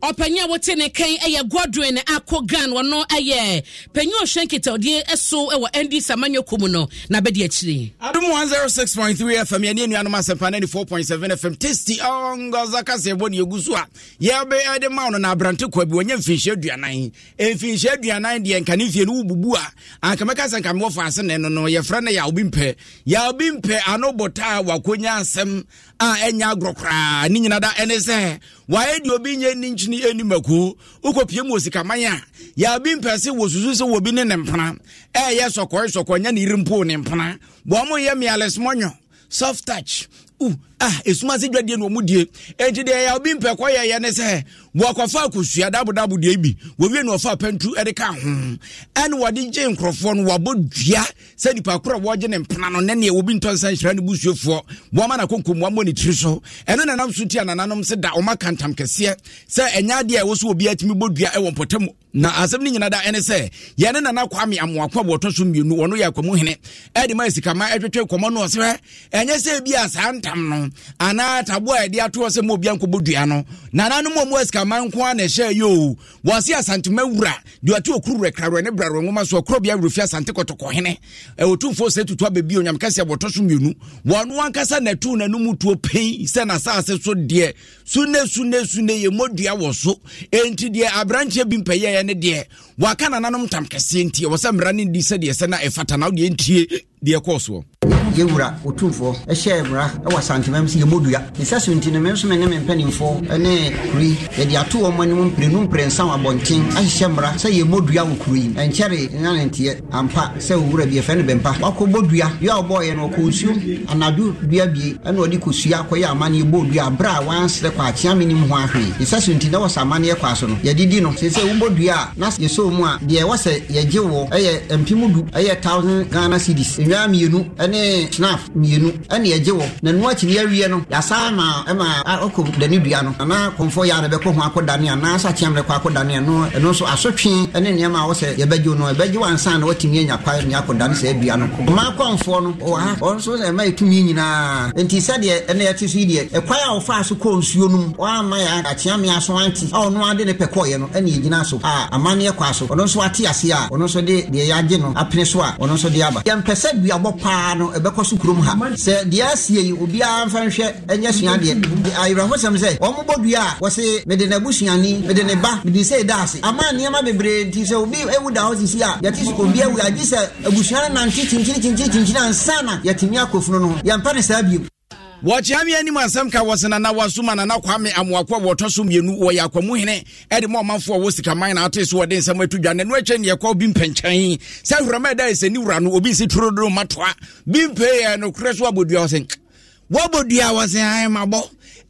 C: ɔpanyin a wote ne kan e yɛ godwin akɔ gan wɔno e yɛ panyin ɔhwɛ nkitadeɛ e so wɔ nd samanya kɔ no na bɛdi akyire adom 106.3
B: fm yɛne anuanom asɛmpa 94.7 fm tasty ɔngɔza kaseɛbɔ ne yɛgu so a yɛbɛ de ma no na abrante kwa bi wɔnyɛ mfinhyia aduanan mfinhyia aduanan deɛ nka ne mfie no wobubu a anka mɛka sɛ nka mewɔfa ase ne no no yɛfrɛ no yɛwobi mpɛ yɛwobi mpɛ ano bɔtaa wakonya asɛm a ɛnyɛ agorɔ koraa ne nyina da ɛne sɛ wayɛ deɛ obi nyɛ ne nkyini ɛni makuo wokɔpie mu osikaman a yɛabi mpɛ se wɔsusu sɛ wɔbi ne ne mpena ɛɛyɛ sɔkɔe sɔkɔ nyɛ ne yere ne mpena wɔn mo yɛ soft touch ooh ah esuma se dwadeɛ na ɔmu die enti deɛ ya obi mpɛkɔ yɛyɛ ne sɛ wɔkɔfa akosua dabodabo deɛ bi wɔwie na ɔfa apantu de ka ho ɛne wɔde gye nkurɔfoɔ no wɔabɔ dua sɛ nipa korɔ wɔgye ne mpena no ne neɛ wɔbi ntɔn nsa nhyira ne busuafoɔ wɔama na konkommua mmɔ ne tiri so ɛno na nam so ti anananom se da ɔma ka ntam kɛseɛ sɛ ɛnyɛ adeɛ a ɛwɔ so obi tumi bɔ dua ɛwɔ mpɔtam na asɛm no nyina da ɛne sɛ yɛne nana kwame amoako a wɔtɔ so mmienu ɔno yɛ akwamu hene ɛde ma asikama ɛtwetwe kɔmmɔ no ɔsɛ ɛnyɛ sɛ bi a saa ntam no anaa taboa a yɛde ato hɔ sɛ ma obi ankɔbɔ dua no nananom a mu asikaman nko a na ɛhyɛ yɛ o wɔse asantema wura deɛ ɔte ɔkuru wrɛkrawerɛ ne brawerɛ nwoma so ɔkorɔ bia awurɛfi asante kɔtɔkɔhene ɛwɔtumfoɔ sɛ tutu abɛbi onyameka sɛ bɔtɔ so mmienu wɔno ankasa natu nanomu tuo pɛi sɛ nasase so deɛ sune sune sune yɛmmɔ dua wɔ so enti deɛ aberanteɛ bi mpɛyɛɛ ne deɛ waka nananom tam kɛseɛ nti ɛwɔ sɛ mmara no ndi sɛdeɛ sɛ na ɛfata na wodeɛ ntie deɛ ɛkɔɔ soɔ yɛwura ɔtumfoɔ
L: ɛhyɛ mmara ɛwɔ asantema m sɛ yɛmmɔdua ne sɛ so nti no me nso me ne me mpanimfoɔ ne kuri yɛde ato wɔ mɔ anim mprenu mprɛnsa wɔ abɔnten ahyehyɛ mmara sɛ yɛmmɔdua wɔ kuro yi ɛnkyɛre na ne nteɛ ampa sɛ owura bi yɛfɛ no bɛmpa wakɔbɔ dua dua a wɔbɔɔyɛ no ɔkɔ nsuo anadwo dua bie ɛna ɔde kɔsua akɔyɛ amanneɛ bɔɔ dua berɛ a wansrɛ kɔ akyea me nim ho ahwee ne sɛ so nti na wɔsɛ amanneɛ kɔ aso no yɛde no sɛ sɛ wobɔ dua a na yɛsɛ mu a deɛ ɛwɔ sɛ yɛgye wɔ ɛyɛ mpem du ɛyɛ 1000 ghana cities nnwaa mmienu ne snaf mmienu ɛne yɛgye wɔ na nua kyini awie no yɛasa ma ɛma ɔkɔ dani dua no anaa kɔmfɔ yɛ a na bɛkɔ ho akɔdane anaa sɛ akyeɛ mmerɛ kɔ akɔdane ɛno ɛno nso asotwe ne nneɛma a wɔ sɛ yɛbɛgye no ɛbɛgye wɔ ansa na watumi anya kwa ne akɔdane saa dua no ɔma kɔmfoɔ no ɔwɔ ha ɔno nso sɛ ɛma yɛtumi nyinaa enti sɛdeɛ ɛne yɛte so yi deɛ ɛkwan a wɔfaa so kɔɔ nsuo no mu ɔama yɛ akyeamea so ante a ɔno ade ne pɛ no ɛne yɛgyina so a amanneɛ kɔ so ɔno nso ate ase a ɔno nso de deɛ yɛagye no apene so a ɔno nso de aba yɛmpɛ sɛ duabɔ paa no ɛbɛ bɛkɔ so kurom ha sɛ deɛ asie yi obiara mfa nhwɛ ɛnyɛ suadeɛ awerɛhosɛm sɛ ɔmobɔ dua a wɔse mede n'abusuani mede ne ba mede sɛ ɛda ase ama nneɛma bebree nti sɛ obi ɛwu da hɔ sisi a yɛte so obi awu agye sɛ abusua no nante kyinkyini kyinkyini kyinkyini ansa na yɛtumi akɔfunu no ho yɛmpa
B: ne saa biom wɔkyea me anim asɛm ka wɔ sena na wasoma nana kwame amoako a wɔtɔ so mmienu wɔyɛ akwamu hene ɛde ma ɔmanfoɔ wɔ sikaman na ate so wɔde nsɛm atu dwa nano akyɛ neɛ kɔ bi mpɛnkyɛn sɛ hurama ɛda ɛsɛ ni wura no obi nsi turodoro matoa bi mpɛ yɛ nokorɛ so abɔdua wɔ sɛ wɔabɔdua wɔ sɛ ae mabɔ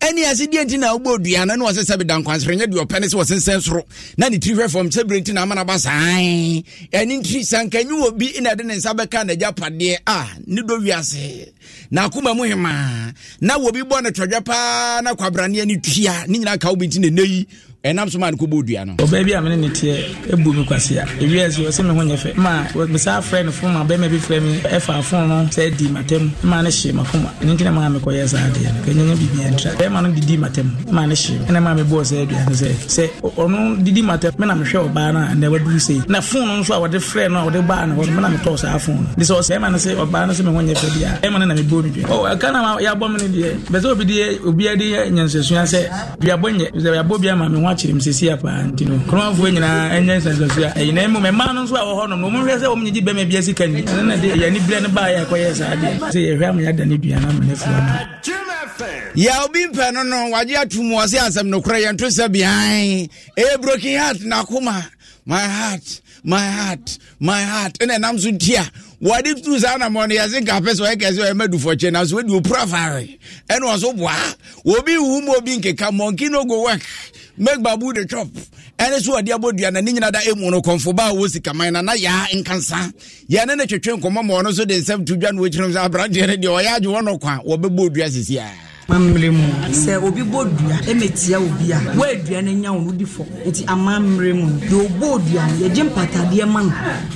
B: ɛne ase deɛ nti na wobɔ dua na ne wɔse sɛ beda nkwansere nyɛ deɛ ɔpɛ ne sɛ wɔsensɛn soro na ne tiri hwɛ fam sɛ berɛ nti na ama no ba sae ɛne ntiri sankanyi wɔ bi na ɛde ne nsa bɛka n'agya padeɛ a ne dɔ wiase na akoma mu hemaa na wɔbi bɔ ne tɔdwa paa na kwabraneɛ ne tua ne nyinaa ka wobɛti ne nɛ yi ɛnam so ma no kɔbɔ dua no ɔbaa bi a mene ne teɛ ɛbu me kwase a ɛwiase ɔsɛ me ho nyɛ fɛ ma mesa frɛ no fo ma bɛma bi frɛ me ɛfa fo no sɛ di matam ma ne hye
I: makoma ɛno nti na maa mekɔyɛ saa deɛ no kanyanya biribia ntra bɛma no didi matam ma ne hye ɛna ma mebɔɔ
M: sɛ
B: aduane sɛ sɛ ɔno didi matam mena mehwɛ ɔbaa no a ɛnɛ waduru sei na fo no nso a wɔde frɛ no a wɔde baa no hɔ no mena metɔɔ saa fo no de sɛ ɔsɛ ɛma no sɛ ɔbaa no sɛ me ho nyɛ fɛ bia
J: ɛma no na mebɔɔ
B: me dua ɛka na yɛabɔ me no deɛ bɛ sɛ obi deɛ obiade yɛ nyansasua sɛ duabɔ nyɛ sɛ yɛabɔ bia ma me ho akyirim sisi apa nti no kuromafoɔ nyinaa ɛnyɛ nsansasu a ɛyi na mmom no nso a wɔhɔ nom no ɔmohwɛ sɛ wɔmnyegye bɛma bi asika ni ɛno na de yɛne berɛ no baa yɛ saa deɛ sɛ yɛhwɛ ama yɛada ne dua no ama obi mpɛ no no wagye atum wɔ se nokorɛ yɛnto sɛ bian ɛyɛ broken heart nakoma my heart my heart my heart ɛna ɛnam so nti wɔde tu saa namɔ no yɛse nka sɛ ɔyɛ kɛsɛ ɔyɛ madufɔ kyɛ nanso wadi opura fare ɛne ɔ so boa obi wu ma obi nkeka mɔnki no go work make babu the chop ɛne so ɔde abɔdua na ne nyina da ɛmu no kɔmfo ba a wɔ sikaman na na yaa nkansa yɛne ne twetwe nkɔmmɔ ma ɔno so de nsɛm to dwa no wɔkyerɛ sɛ aberanteɛ no deɛ ɔyɛ adwe wɔ
N: kwa wɔbɛbɔ odua sesiaa mammerɛ mu sɛ obi bɔ dua Tia obi a woadua no nya wo no di fɔ nti amammerɛ mu no deɛ ɔbɔ dua no yɛgye mpatadeɛ ma no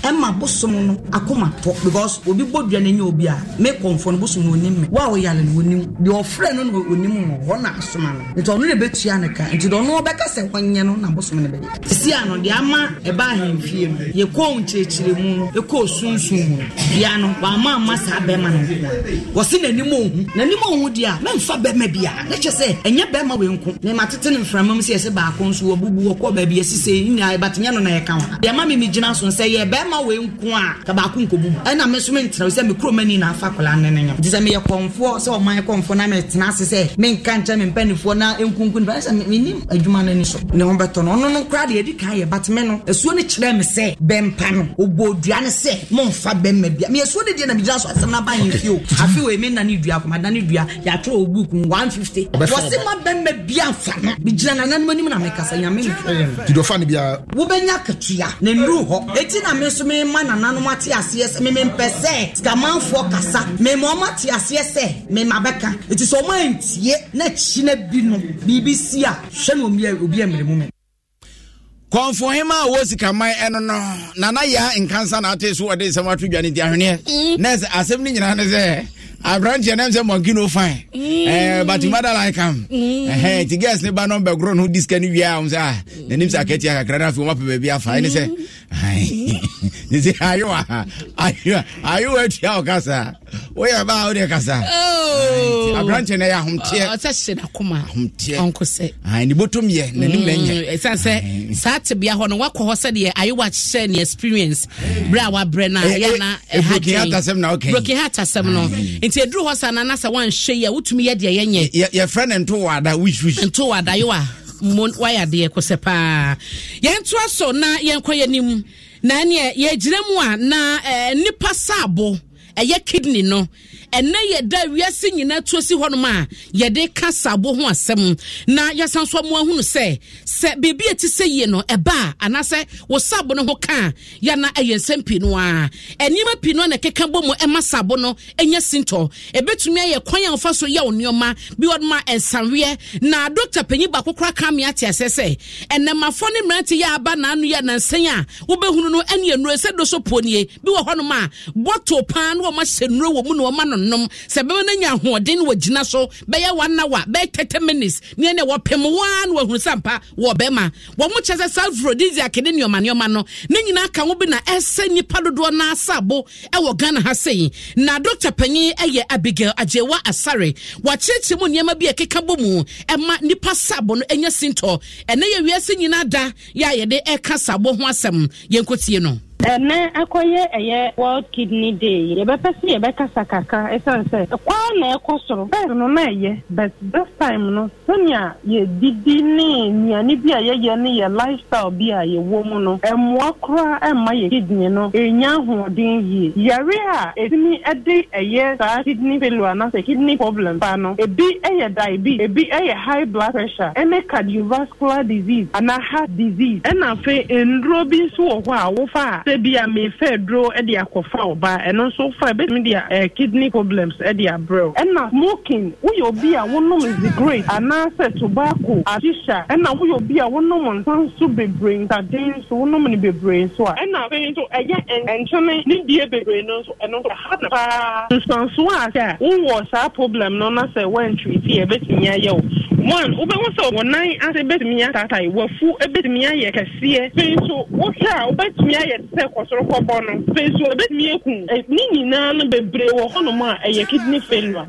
N: ɛma bosom no akoma tɔ because obi bɔ dua no nya obi a mekɔmfɔ no bosom no ɔnim me wo a woyare no ɔnim deɛ ɔfrɛ no no ɔnim no hɔ na asoma no nti ɔno ne bɛtua ne ka nti deɛ ɔno ɔbɛka sɛ wɔnyɛ no na bosom no bɛyɛ sisi a no deɛ ama ɛba ahemfie no yɛkɔɔ nkyerɛkyerɛ mu no ɛkɔɔ sunsum mu no dua no wama ama saa bɛrima no nko a wɔse n'anim ɔhu n'anim ɔhu deɛ a memfa ɔkɔ bɛrima bia ne kyɛ sɛ ɛnyɛ bɛrima wei nko ne ma tete ne mframa mu sɛ yɛsɛ baako nso wɔbubu wɔkɔ baabi asise nyinaa yɛbatenyɛ no na yɛka ho deɛ ma me megyina so sɛ yɛ bɛrima wei nko a ka baako nkɔbubu ɛna me so menterɛw sɛ me kuroma na afa akwadaa ne ne nyam nti sɛ meyɛ kɔnfoɔ sɛ ɔman kɔnfoɔ na metena ase sɛ menka nkyɛ me na ɛnkunku nipa sɛ menim adwuma no ani so ne ho bɛtɔ no ɔno no koraa deɛ ɛdi kan yɛ bateme no asuo no kyerɛ me sɛ bɛmpa no ɔbɔ dua no sɛ momfa bɛmma bia meyɛ suo no deɛ na megyina so asɛm no aba yɛmfio afei wei me ne dua kɔmada ne dua yɛatwerɛ ɔbu nkum one fifty wɔsi ma bɛnbɛn bi afa no bi gyina nananom anim na mekasa nyame nfɛn.
E: didɔfa ni bia.
N: wobɛnya ketewa na nuru hɔ eti na mi nso mi ma nananom ate aseɛ sɛ mi mi mpɛ sɛ sikamanfoɔ kasa mi ma ɔmo ate aseɛ sɛ mi ma bɛka eti sɛ ɔmo antie na akyi na bi no biribi si a hwɛ na omi obi ɛmiri mu mi. kɔnfohema a wɔ sikaman ɛno no nana yɛ
B: nkansa na ate so ɔde nsɛm ato dwa ne ti ahweneɛ nɛɛsɛ asɛm no nyinaa ne sɛ aberanteɛ nam sɛ monkey no fine
F: mm. eh, but mother like mm. eh, eh, um, ah, am nti
B: girls ne ba no bɛgorɔ no diska no wie a sɛ nanim sɛ akatia kakra no afei womapɛ baabi afa ɛne sɛ ne ayowa atua wo kasa woyɛ baa wodeɛ kasa
C: aberanteɛ no ɛyɛ ahomteɛ ne nanim na saa tebea hɔ no woakɔ hɔ sɛdeɛ ayowa hyɛ ne experience berɛ a wabrɛ no yɛna brokin hat no nti eduru hɔ sa nana sa wanhwɛ yi a wotumi yɛ deɛ yɛnyɛ. yɛ yɛfrɛ ne ntowada wish wish. ntowada yi wa mo wayɛ adeɛ kosɛ paa yɛn to aso na yɛn kɔ yɛn nim na neɛ yɛgyina mu a na ɛɛ eh, nipa saabo ɛyɛ kidney no ɛnɛ yɛ da wiase nyinaa tuo si hɔnom a yɛde ka saabo ho asɛm na yɛsan so mo ahunu sɛ sɛ biribi a ɛte sɛ yie no ɛba a anaasɛ wo saabo no ho ka a yɛna ɛyɛ nsɛm pii no a nneɛma pii no a na ɛkeka bɔ mu ɛma saabo no ɛnyɛ sintɔ ɛbɛtumi ayɛ kwan a wɔfa so yɛ wo nneɛma bi wɔnom a ɛnsanweɛ na dɔkta panyin baako kora ka me ate asɛ sɛ ɛnɛmafoɔ ne mmerante yɛ aba naano yɛ nansɛn a wobɛhunu no ɛne nnuro sɛ do so puo bi wɔ hɔnom a bɔtɔ paa na wɔma hyɛ nnuro wɔ mu na wɔma no nonom sɛ bɛma no anya ahoɔden no so bɛyɛ one hour bɛyɛ thirty minutes neɛ ne wɔpem waa no wahunu sɛ mpa wɔ bɛma wɔn mo kyɛ sɛ kede no ne nyinaa ka bi na ɛsɛ nnipa dodoɔ no asabo ɛwɔ ghana ha sei na dr panyin ɛyɛ abigail agyewa asare mu nneɛma bi a ɛkeka bɔ mu ɛma nnipa sabo no ɛnyɛ sintɔ ɛnɛ yɛ wiase
F: ɛnɛ akɔyɛ ɛyɛ world kidney day yɛbɛpɛ sɛ yɛbɛkasa kaka ɛsiane sɛ na
O: ɛkɔ soro bɛɛ no na ɛyɛ but this time no sɛnea yɛdidi ne nnuane bi a yɛyɛ ne yɛ lifestyle bi a yɛwɔ mu no ɛmmoa koraa ɛmma yɛ kidney no ɛnya ahoɔden yie yare a ɛtumi ɛde ɛyɛ saa kidney failure anaasɛ kidney problem fa no ebi ɛyɛ diabetes ebi ɛyɛ high blood pressure ɛne cardiovascular disease anaa heart disease ɛna afei bi nso wɔ sɛ bi a mefa aduro de akɔfa ɔbaa ɛno nso fa bɛtumi de eh, kidney problems de abrɛw ɛna smoking woyɛ obi a wonom zigrate anaasɛ tobacco ahyehya ɛna woyɛ obi a wonom nsa nso bebree ntaden nso wonom no bebree nso a ɛna afei nso ɛyɛ nkyene ne die bebree no nso ɛno nso ɛha na paa nsanso a sɛ a wowɔ saa problem no na sɛ woantwiriti ɛbɛtumi ayɛ wo one wobɛhu sɛ wɔ nan ase bɛtumi atatae wafu bɛtumi ayɛ kɛseɛ fei nso wohwɛ a wobɛtumi ayɛ sɛ kɔsoro kɔbɔ
C: no fei so ɛbɛtumi aku ne nyinaa no bebree wɔ hɔnom a ɛyɛ kidney failure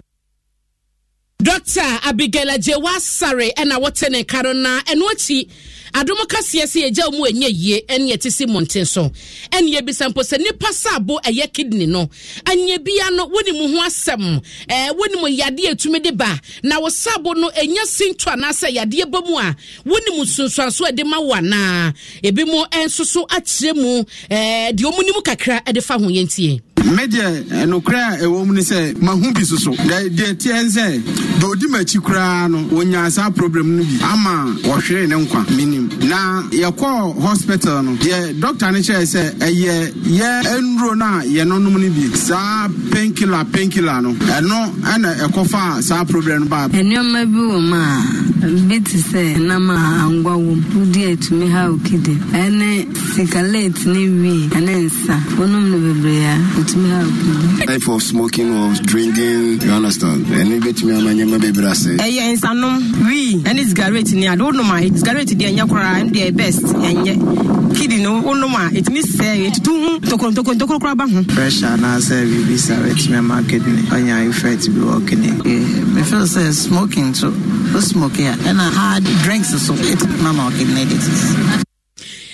C: dɔkta abigail agyewa asare ɛna wɔte ne ka na ɛno akyi adom kaseɛ sɛ yɛgya mu ɛnyɛ yie ɛne ɛte si mmɔnten so ɛne yɛbisa mpo sɛ nipa saabo ɛyɛ kidney no anyɛ bia no wone mu ho asɛm ɛɛ eh, wone mu yadeɛ ɛtumi de ba na wo saabo no ɛnya sinto anaasɛ yadeɛ ba mu a wone mu sunsuanso ɛde ma wo anaa ebi mu ɛnso so akyerɛ mu ɛɛ eh, deɛ ɔmu nim kakra ɛde fa ho yɛntie
D: medeɛ eh, nokorɛ a ɛwɔ mu ne sɛ mahu bi soso deɛ teɛ sɛ deɛ ɔdi m'akyi koraa no wɔnya saa problem no bi ama wɔhwere ne nkwa meni anim na yɛkɔɔ hospital no deɛ doctor no kyerɛ sɛ ɛyɛ yɛ nnuro no a yɛnonom bi saa painkiller painkiller no ɛno ɛna ɛkɔfaa saa problem no baa
I: nneɛma bi wɔ mu a bi te sɛ angwa wɔ mu wodi atumi ha okide ɛne sikalate ne wie ɛne nsa wonom no bebree a otumi ha okide
P: life of smoking or drinking you understand
B: ɛne bɛtumi ama nneɛma bebree ase
M: ɛyɛ nsanom wii ɛne sigarate ne ade wonom a sigarate deɛ ɛnyɛ koraa ɛno deɛ best ɛnyɛ kidi no wonom a ɛtumi sɛ ɛtutu
I: ho ntokoro ntokoro koraa ba ho pressure anaasɛ biribi sa bɛtumi ama kidney ɔnya effect bi wɔ kidney
L: eh, mefeel sɛ smoking too. wo smoke a ɛna hard drinks so It mama kidney disease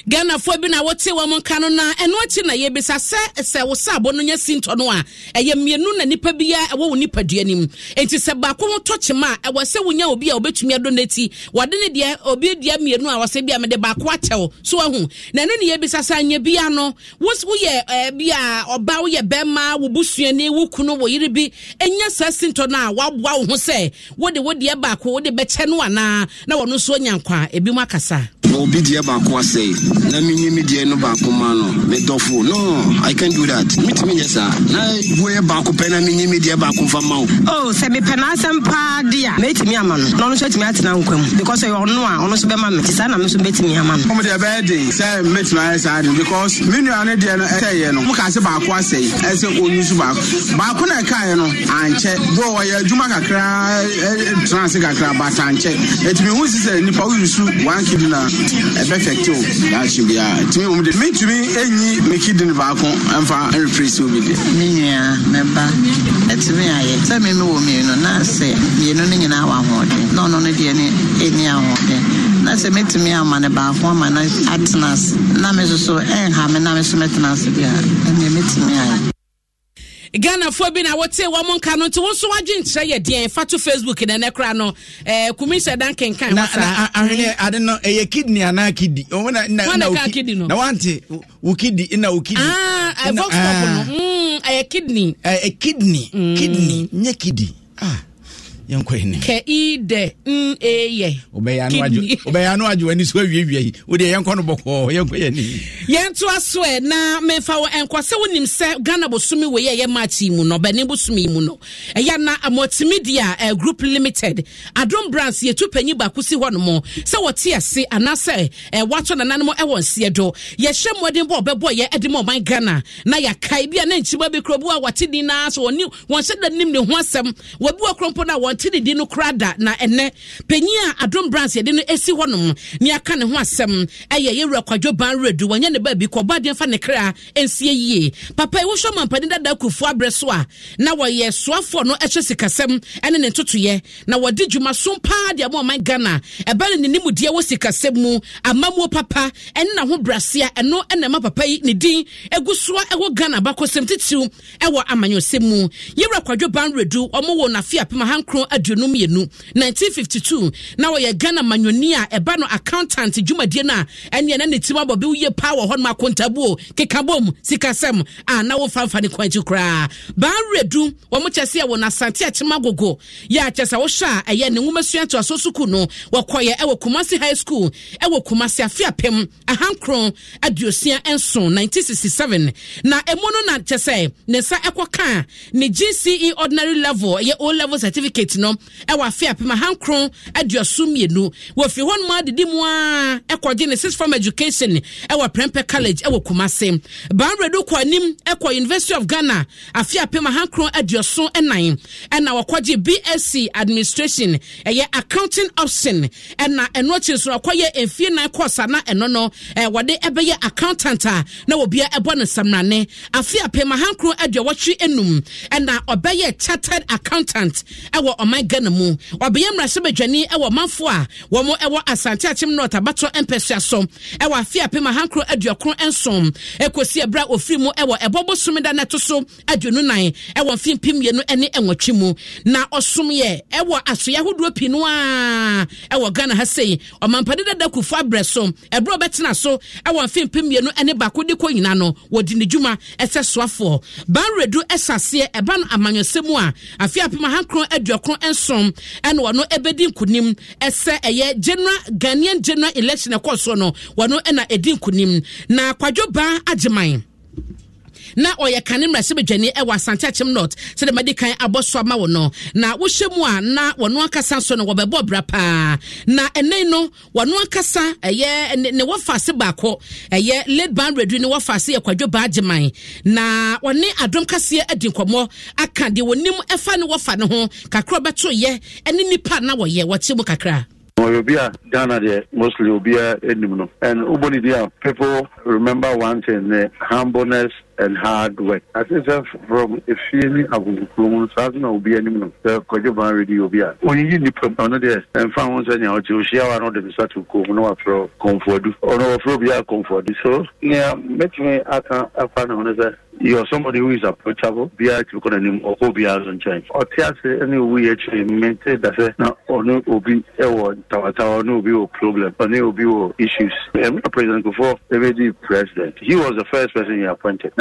C: ghanafoɔ bi na wɔte wɔn nka no na ɛno akyi na yɛbisa sɛ sɛ wo sɛ no nyɛ sintɔ no a ɛyɛ mmienu na nipa bia ɛwɔ wo nipadua nim nti sɛ baako ho tɔ kyema a ɛwɔ sɛ wonya obi a wobɛtumi adɔ n'akyi wɔde ne deɛ obi dua mmienu a wɔsɛ bia mede baako akyɛw so ahu na ɛno ne yɛbisa sɛ anyɛ bia no woyɛ ɛbi a ɔba woyɛ bɛrima wo busuani wo kunu wo yere bi ɛnyɛ saa sintɔ no a waboa wo ho sɛ wode wo baako wode bɛkyɛ no anaa na wɔno nso anya nkwa ebi mu akasa
P: obi deɛ baako asɛe na menye me deɛ no baako ma no medɔfo no i can do that metumi nyɛ saa na woyɛ baako pɛ na menye oh, me deɛ baako mfa ma wo
C: oh sɛ
M: mepɛ n'asɛm paa de a mɛtumi ama no na ɔno nso atumi atena nkwa mu because ɔyɛ ɔno a ɔno nso bɛma me nti
D: saa na me nso bɛtumi ama no ɔmdeɛ ɛbɛyɛ den sɛ mɛtumi ayɛ saa den because me nua no deɛ no ɛsɛyɛ e e no moka sɛ baako asɛe ɛsɛ ɔnu so baako baako na ɛkaeɛ no ankyɛ bo ɔyɛ adwuma kakra e, tena ase kakra but ankyɛ ɛtumi hu si sɛ nnipa woyusu wankedi na ɛbɛfɛkte o ahyɛ bi a tumi wɔn de metumi enyi mekidin baako
B: mfa replace obi de.
L: ne nua mɛba ɛtumi ayɛ sɛ mi mi wɔ mmienu na sɛ mmienu nyinaa wɔ ahoɔden na ɔno no deɛ ne ɛni ahoɔden na sɛ metumi ama ne baako ama no atena na me soso ɛnha me na me so mɛtena ase bi a ɛnna metumi ayɛ
C: ghanafoɔ bi na wɔte wɔn nka no nti wɔn nso wagye nkyerɛ yɛ deɛn fa to facebook na ne kora no ɛɛ eh, kumi dan kankan Na na
B: ahwene ade no ɛyɛ kidney anaa kidi wɔn na na na wɔn kidney no na wante wɔ kidney na wɔ kidney. aa ɛfɔ kɔkɔ no mm, ɛyɛ kidney. ɛɛ eh, eh, kidney kidney mm. nye kidi aa. Ah. yɛntoa
C: mm, soɛ na memfa wɔ ɛnkɔ sɛ wonim sɛ ghana bosome wei ɛyɛ match yi mu no bɛne bosome yi mu no ɛyɛ na mmɔtimideɛ a eh, group limited adom brands yɛtu panyi baako si hɔ nom sɛ wɔte ase anaasɛ eh, watɔ nananom ɛwɔ eh, nseɛ do yɛhyɛ mmɔden bɔ ɔbɛbɔ yɛ de ma ɔman ghana na yɛkae bi a na nkyima bi kuro bi a wɔte din naa so wɔn hyɛ da nim ne ho asɛm wɔbi wɔ kurompo no a wɔn ɔte ne din no kora da na ɛnɛ panyin a adom brands yɛde no ɛsi hɔnom ne aka ne ho asɛm ɛyɛ yɛwura kwadwo ban redu wɔnyɛ ne baabi kɔ ɔbɔ adeɛ fa ne kra ɛnsie yie papa yi wohwɛ mampanin dada akufoɔ abrɛ so a na wɔyɛ soafoɔ no ɛhyɛ sikasɛm ɛne ne ntotoyɛ na wɔde dwuma so paa deɛ mo ɔman ghana ɛbɛ ne ne nimudeɛ wɔ sikasɛm mu amamuo papa ɛne na ho brasea ɛno ɛna ɛma papa yi ne din egu soa ɛwɔ ghana bakɔsɛm titiw ɛwɔ amanyɔsɛm mu yɛwura kwadwo ban redu ɔmo wɔ n'afe apem ahankron no mmienu 1952 na wɔyɛ ghana manyoni a ɛba no accountant dwumadie no a ɛneɛ na ne tim abɔ bi woyɛ paa wɔ hɔ nom akontabuo kekabom sikasɛm a na wofamfa ne kwan akyi koraa baa werɛdu wɔm kyɛ sɛ wɔ no asante akyema agogo yɛ akyɛ sɛ wohyɛ a ɛyɛ ne nwoma sua nto aso no wɔkɔyɛ ɛwɔ kumase high school ɛwɔ kumase afe apem ahankron aduosia nson 1967 na ɛmu no na kyɛ sɛ ne nsa ɛkɔka ne gce ordinary level ɛyɛ o level certificate plate no ɛwɔ afe apem ahankron aduoso mmienu wɔfiri hɔ nom adedi mu a ɛkɔgye ne six form education ɛwɔ prempɛ college ɛwɔ kumase banredo kɔ anim ɛkɔ university of ghana afe apem ahankron aduoso ɛnan ɛna wɔkɔgye bsc administration ɛyɛ accounting option ɛna ɛno akyiri so ɔkɔyɛ mfie nan kɔɔsa na ɛno no wɔde ɛbɛyɛ accountant a na wɔbia ɛbɔ no samrane afe apem ahankron aduowɔtwe enum ɛna ɔbɛyɛ chartered accountant ɛwɔ ɔman ghana mu ɔbɛyɛ mmarahyɛbadwani wɔ manfoɔ a wɔn wɔ asante akyem north abato mpɛsua so wɔ afe apem ahankoro aduɔkron nson ekosi ɛbrɛ a ofiri mu wɔ ɛbɔ bosom da na ɛto so aduonu nan wɔ mfe mpem mmienu ne nwɔtwe mu na ɔsomyɛ wɔ asoya ahodoɔ pii no a wɔ ghana ha sei ɔmampade dada kufo abrɛ so ɛbrɛ a ɔbɛtena so wɔ mfe mpem mmienu ne baako de kɔ nyina no wɔdi ne dwuma sɛ soafoɔ banredu saseɛ ɛba no amanyɔsɛ mu a afi apem ahankoro aduɔkron no nson ɛna wɔn bɛdi nkunim ɛsɛ ɛyɛ general general election ɛkɔɔ so no wɔn na ɛdi nkunim na kwadwo baa agyeman. na ɔyɛ kane mmerɛsɛ badwani ɛwɔ asante akyem north sɛde madi kan abɔ so ama wo no na wohyɛ mu a na wɔno ankasa nso no wɔbɛbɔ bra paa na ɛnɛ no wɔno ankasa ɛyɛ ne wɔfaase baako ɛyɛ late band radio ne wɔfaase yɛ kwadwo baa gyeman na ɔne adom kaseɛ adi nkɔmmɔ aka deɛ wɔnim ɛfa ne wɔfa ne ho kakra bɛto yɛ ɛne nipa na wɔyɛ wɔte mu kakra
Q: ɔyɛ obi a ghana deɛ mostly obiara anim no and wobɔ ne di people remember one thing ne humbleness and hard work. I think that from a feeling of Kumun, Sazna will be any minute. The Kojoban radio be at. When you need to know this, and found one out, you share one of them start to come no afro comfort or oh, no afro be comfort. So, yeah, make me at a fan on that. You're somebody who is approachable, be at to can name or be out on change. Or tell any way actually maintain that eh, now or no will be a eh, one tower tower, no be a problem, or no will be issues. I'm not president before, the president. He was the first person he appointed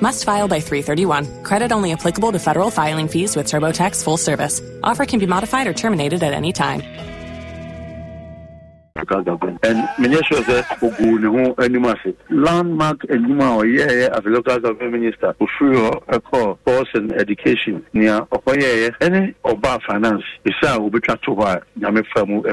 A: Must file by 331. Credit only applicable to federal filing fees with TurboTax full service. Offer can be modified or terminated at any time.
Q: landmark as a local government minister and education finance a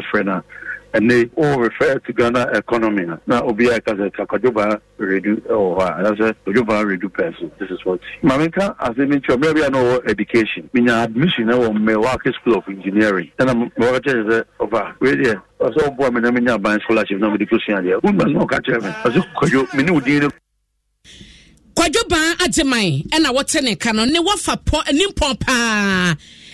Q: and they all refer to Ghana economy. Now, Obi Akaza Kakajoba redu or that's a Kajoba redu person. This is what Mamika as a mentor, maybe I know education. Mean admission or Milwaukee School of Engineering. And I'm working oh, oh, as a over radio. Ɔsɛ ɔbɔ mi na mi nya ban scholarship na mi di kusin adiɛ. Wúni ma n'ɔka kyerɛ mi. Ɔsɛ kɔjɔ mi ni wò dín ní.
C: Kɔjɔ ban Ademan ɛna wɔte ne ka no ne wɔfa pɔ ne mpɔn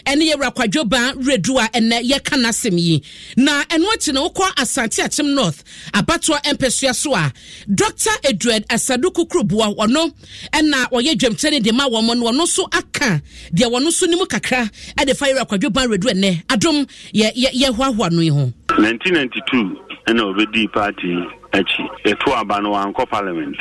C: ɛne yɛwura kwadwo ban redu a ɛnɛ yɛka n'asɛm yi na ɛno akyi na wokɔ asante akyem north abatoɔ mpɛsua so a dr edward asaduku kukuruboa ɔno ɛna ɔyɛ dwamkyɛne de ma wɔn no ɔno nso aka deɛ wɔn nso nimu kakra ɛde fa yɛwura kwadwo ban redu ɛnɛ adom yɛ yɛ yɛhoahoa no yi ho.
R: 1992 ɛna obedi party akyi etu aba no wankɔ parliament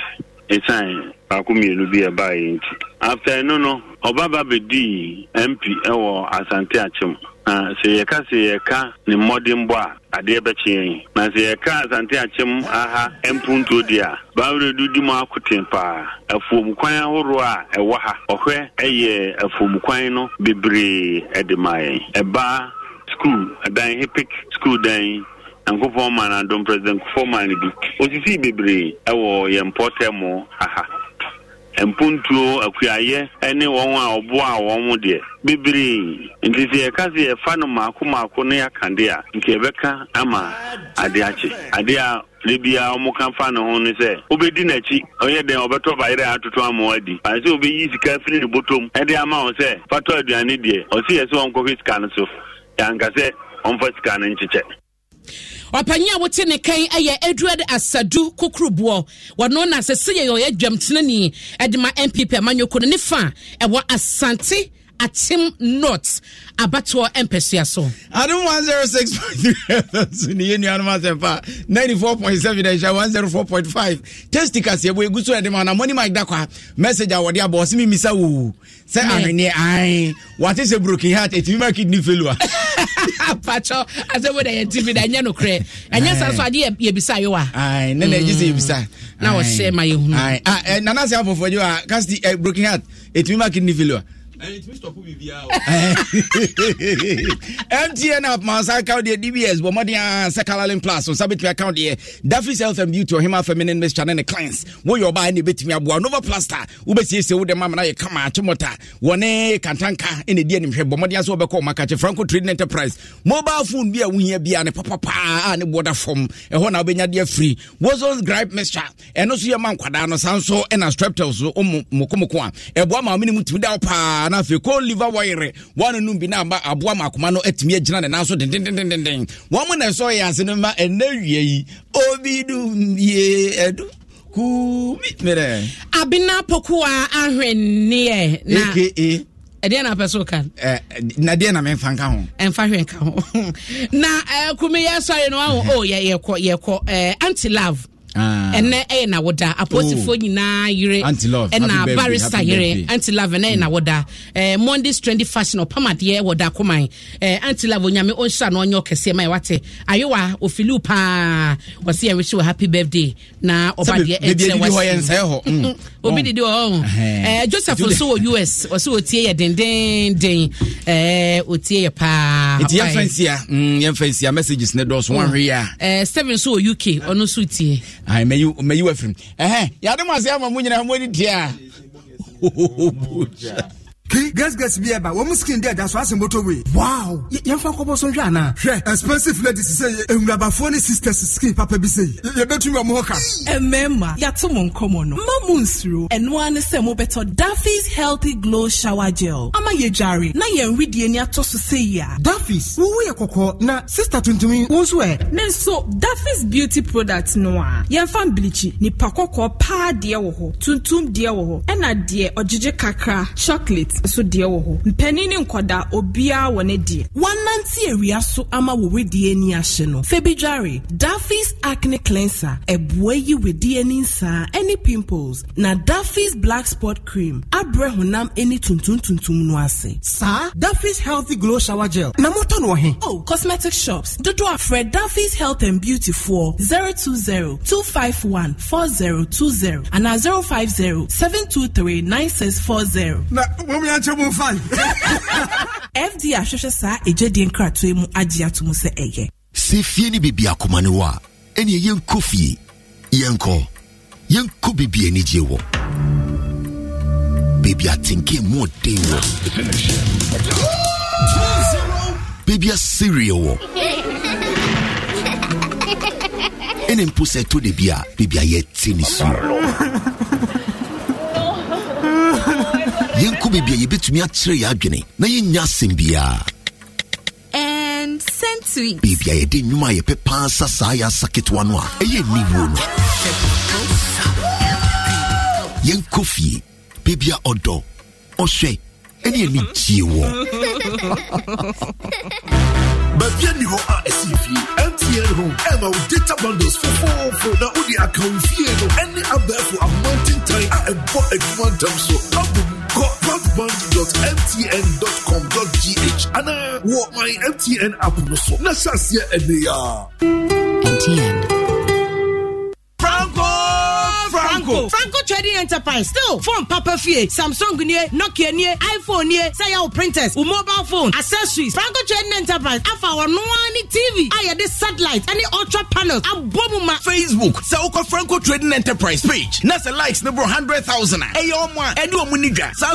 R: ɛsan baako mmienu bi ɛbaeɛ nti after ɛno no ɔbaba bɛdii mp ɛwɔ asante akyem na sɛ yɛka sɛ yɛka ne mmɔden bɔ a adeɛ bɛkye yɛn na sɛ yɛka asante akyem aha mpuntuo di a bawerɛdu di mu akoten paa afuomukwan ahoroɔ a ɛwɔ ha ɔhwɛ ɛyɛ afuomukwan no bebree ɛde ma yɛn ɛbaa skul ɛdan hepik skul dan nkufɔn man na dɔm president nkufɔn man bi osisi bebree ɛwɔ yɛn mpɔtɛmo aha mpuntuo akuayɛ ɛne wɔn a ɔboa wɔn deɛ bebree nti sɛ yɛka sɛ yɛfa no maako maako ne yɛaka de a nka yɛbɛka ama ade akye ade a ne bia ɔmo ka fa ne ho ne sɛ wobɛdi n'akyi ɔyɛ dɛn ɔbɛtɔ bayerɛ a atoto ama wadi ayɛ sɛ wobɛyi sika firi ne botom ɛde ama wo sɛ fatɔ aduane deɛ ɔse yɛ sɛ ɔnkɔhwɛ sika no so yɛanka sɛ ɔmfa sika no
Q: nkyekyɛ
C: ɔpanyin a wote ne kan yɛ edward asadu kokuruboɔ wɔno na sɛ sɛ yɛ dwamtenani ɛde ma npp amanyɔkuo no ne fa ɛwɔ asante Atim not abatoɔ mpɛsua so adom
B: 106.3ne yɛ nuanom asɛmpa 94.7 ɛhyɛ 104.5 testi kaseɛ bɔ ɛgu so ɛde ma namɔne mike da kwa message a wɔde abɔ ɔse memisa wo sɛ ahweneɛ ae wate sɛ broken heart ɛtumi ma kidney Pacho patɔ asɛm
C: da yɛntimi da ɛnyɛ nokorɛ ɛnyɛ sa so ade yɛbisa yɛw a ne na ɛgye sɛ yɛbisa
B: na wɔhyɛ ma yɛhunu nanasɛ apɔfoɔ gye a casti broken heart ɛtumi ma kidney failua mtn app mansa account deɛ dbs bɔ mmɔden a uh, sɛ calalin plus so nsa bɛtumi account deɛ dafis health and beauty ɔhema feminine mixture ne ne clients woyɛ ɔbaa ne bɛtumi aboa nova plaster wobɛsiesie wo dɛma mena yɛ kama akyemɔta wɔne kantanka ɛne di animhwɛ bɔ mmɔden sɛ wobɛkɔ ɔma kakye franco trading enterprise mobile phone bi a wohia bia ne papapaa a ne boɔda fam ɛhɔ na wobɛnya deɛ firi wozons gripe mixture ɛno so yɛ ma nkwadaa no sa nso ɛna streptel so ɔmo mokomoko a ɛboa ma womene mu tumi da wo paa anaa afei cold liver wɔyere wɔnonom bi no ama aboa ma akoma no atumi agyina ne nan dendendendenden wɔn mu na ɛsɛ ɔyɛ ase no ma ɛnɛ wie yi obi dum yie ɛdum
C: kumi mmerɛ. abena pokuwa ahwenneɛ na. aka ɛdeɛ na apɛ so ka
B: eh, na deɛ na memfa nka ho
C: ɛmfa hwɛ nka ho na kumeyɛ sɔre no waho o yɛkɔ yɛkɔ anti love ɛnɛ ɛyɛ nawoda apolisifoɔ nyinaa yere ɛna barista yere antilove ɛnɛ ɛyɛ nawoda ɛɛ mondays trendy fashion ɔpamadeɛ wɔ da koman eh, anti antilove onyame ɔnhyira na ɔnyɛ ɔkɛseɛ ma ɛwate ayewa ofiliw paa wɔsi ɛn wish you happy birthday na ɔba deɛ ɛnkyɛn wɔsi obi mm. didi wɔ hɔ mm. ɛɛ eh, joseph nso wɔ us wɔsi otie yɛ dendenden ɛɛ eh, otie yɛ paa eti yɛn fɛn si
B: a mm, yɛn fɛn si a messages ne dɔɔso wɔn ahwɛ yɛ
C: ɛɛ seven nso wɔ uk ɔno nso tie.
B: mayi wafirim
P: ɛhɛ yɛadom ase ama mo nyina mo ani tia ki gɛsgɛs bi ɛba wɔn skin de ɛda so ase moto wei. wow yɛn fa kɔbɔ so n hwɛ ana. hwɛ expensive ladies sɛ nwurabafoɔ ne sisters skin papa bi sɛ yɛbɛtumi ɔmo hɔ ka. ɛmɛɛma
M: yàtò mo nkɔmɔ no mma mo nsiro ɛnoa ne sɛ mo bɛtɔ daffy's healthy glow shower gel ama yɛ dware na yɛn ridie ni atɔ so sɛ yia. daffy's wuwu yɛ kɔkɔ na sista tuntum wɔn nso ɛ. ne nso daffy's beauty product no a yɛn fa bleach nipa kɔkɔɔ paa deɛ wɔ hɔ tuntum deɛ wɔ hɔ ɛna deɛ ɔgyegye kakra chocolate so deɛ wɔ hɔ mpanin ne nkɔda obiara wɔ ne deɛ wɔnante awia so ama wɔ wedie ani ahye no febidware daffy's acne cleanser ɛboa yi wedie ani nsaa ɛne pimples na daffy's black spot cream abrɛ honam ani tuntum tuntum no ase. saa daffy's healthy glow shower gel na mo tɔ wɔ he. o oh, cosmetic shops dodo afrɛ daffy's health and beauty for zero two zero two five one four zero two zero and na zero five zero seven two three nine six four zero. na wọ́n mi nyame akyɛ mu fae fd ahwehwɛ saa ɛgyadie nkratoe mu agye ato mu sɛ ɛyɛ
P: sɛ fie ne biribi akoma ne wɔ a ɛneɛ yɛnkɔ fie yɛnkɔ yɛnkɔ biribi anigye wɔ baabi atenke mu ɔden wɔ baabi asereɛ wɔ ɛne mpo sɛ ɛtɔ da bi a baabi a yɛte ne su yɛnkɔ baabi a yɛbɛtumi akyerɛ yɛ adwene na yɛnya asɛm biara baabi a yɛde nnwuma a yɛpɛ paa sa saa yɛ asa ketewa no a ɛyɛ nniwuo no yɛnkɔ fie baabi a ɔdɔ ɔhwɛ ɛne ani gyee wɔn baabi ani hɔ a ɛsi fie mtn ho ɛma wo data bundles fofoofo na wode akamfie no ɛne abɛɛfo ahomantentan a ɛbɔ adwuma ntam so abom kɔ broadband.mtn.com.gh anaa wɔ my mtn app no so na hyɛ aseɛ ɛne
C: mtn
M: go franco trading enterprise still phone papa fie samsung nie nokia nie iphone nie say yɛ printers wo mobile phone accessories franco trading enterprise afa wɔn noa ne tv
B: a the satellite any ultra panels abɔ mu ma. facebook sɛ wokɔ franco trading enterprise page na sɛ likes ne boro hundred thousand a ɛyɛ ɔmo a ɛne ɔmo ni dwa saa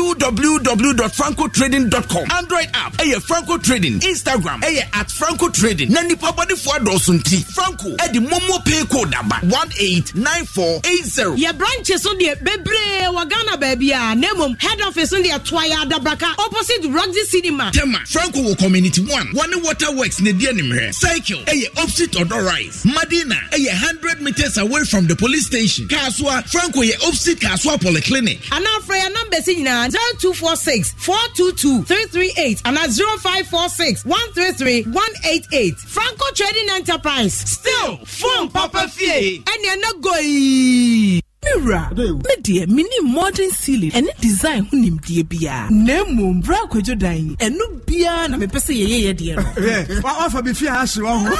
B: www.francotrading.com android app ɛyɛ franco trading instagram ɛyɛ at franco trading Nani nipa bɔdefoɔ adɔɔso nti franco ɛde momo pay code aba one eight nine four
M: eight eight zero. yɛ branches so deɛ bebree wɔ ghana baabi a na mmom head office so deɛ toa yɛ
B: adabraka opposite roxy cinema. tema franco wɔ community one wɔne water works na di anim cycle ɛyɛ opposite ɔdɔ rice madina ɛyɛ hundred meters away from the police station kaasua franco yɛ opposite kaasua polyclinic.
M: anafra yɛ number si nyinaa zero two four six four two two three three eight ana zero five four six one three three one eight eight franco trading enterprise still phone papa fie ɛnna ɛna goyi. Lee. mewura me deɛ menim modern ceiling ɛne design eh, ho nimdeɛ biara na mmom berɛ akwadwo dan yi ɛno biara na mepɛ sɛ yɛyɛyɛ
P: deɛ nowafa bifie a ahye wɔ ho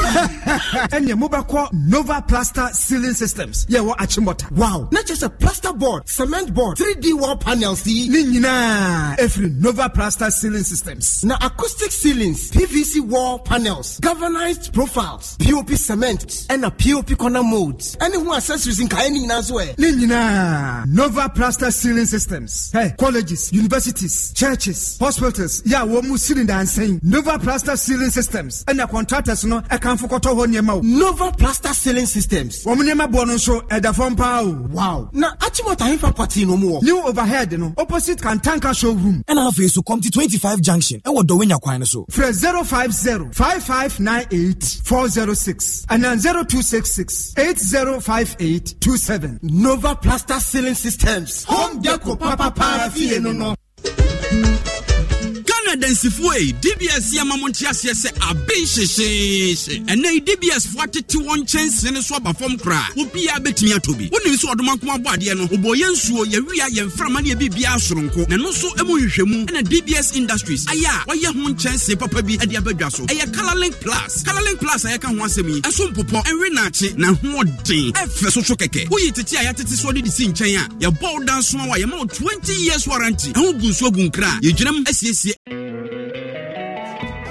P: ɛneɛ mobɛkɔ nova plaster ceiling systems yɛwɔ akyemmɔta wow na kyerɛ sɛ plaster board cement board 3d wall panels yi ne nyinaa ɛfiri nova plaster ceiling systems na acoustic ceilings pvc wall panels galvanized profiles pop cement ɛna pop corner molds ɛne ho accessories nkaeɛ no nyinaa so ɛ eh nyinaa nova plaster ceiling systems hey, colleges universities churches hospitals yɛ a wɔn mu siri dansan nova plaster ceiling systems ɛna contractors no ɛkanfo kɔtɔ hɔ nneɛma o. nova plaster ceiling systems. wɔn nneɛma boɔ no nso ɛda fam paa o. wow na achimota hin property no mu wɔ. new overhead no opposite kantanka showroom. ɛna afei so kɔmti twenty five junction ɛwɔ dɔwɛnya kwan no so. frɛ zero five zero five five nine eight four zero six ɛna zero two six six eight zero five eight two seven nova over plaster ceiling systems home deco papapa fie no no
B: na adansifoɔ yi dbs yɛ ma mo nte aseɛ sɛ abe hyehyeehye ɛnɛ yi dbs foɔ atete wɔn nkyɛnsee no so aba fam koraa wobiaa bɛtumi atɔ bi wonim sɛ ɔdoma nko abɔ adeɛ no wɔbɔ yɛ nsuo yɛwia yɛ mframa ne yɛbirbiaa soronko na no so mu nhwehwɛmu ɛna dbs industries ayɛ a wɔyɛ ho nkyɛnsee papa bi de abadwa so ɛyɛ colorlink plus colorlink plus a yɛka ho asɛm yi ɛso mpopɔ ɛnwe naakye na hoɔden ɛfɛ so so kɛkɛ woyi tete a yɛatete soɔ de de si nkyɛn a yɛbɔ wo danso a yɛma wo 20 years warranty ɛho gu nsuo gu nkra yɛgyinam asiesie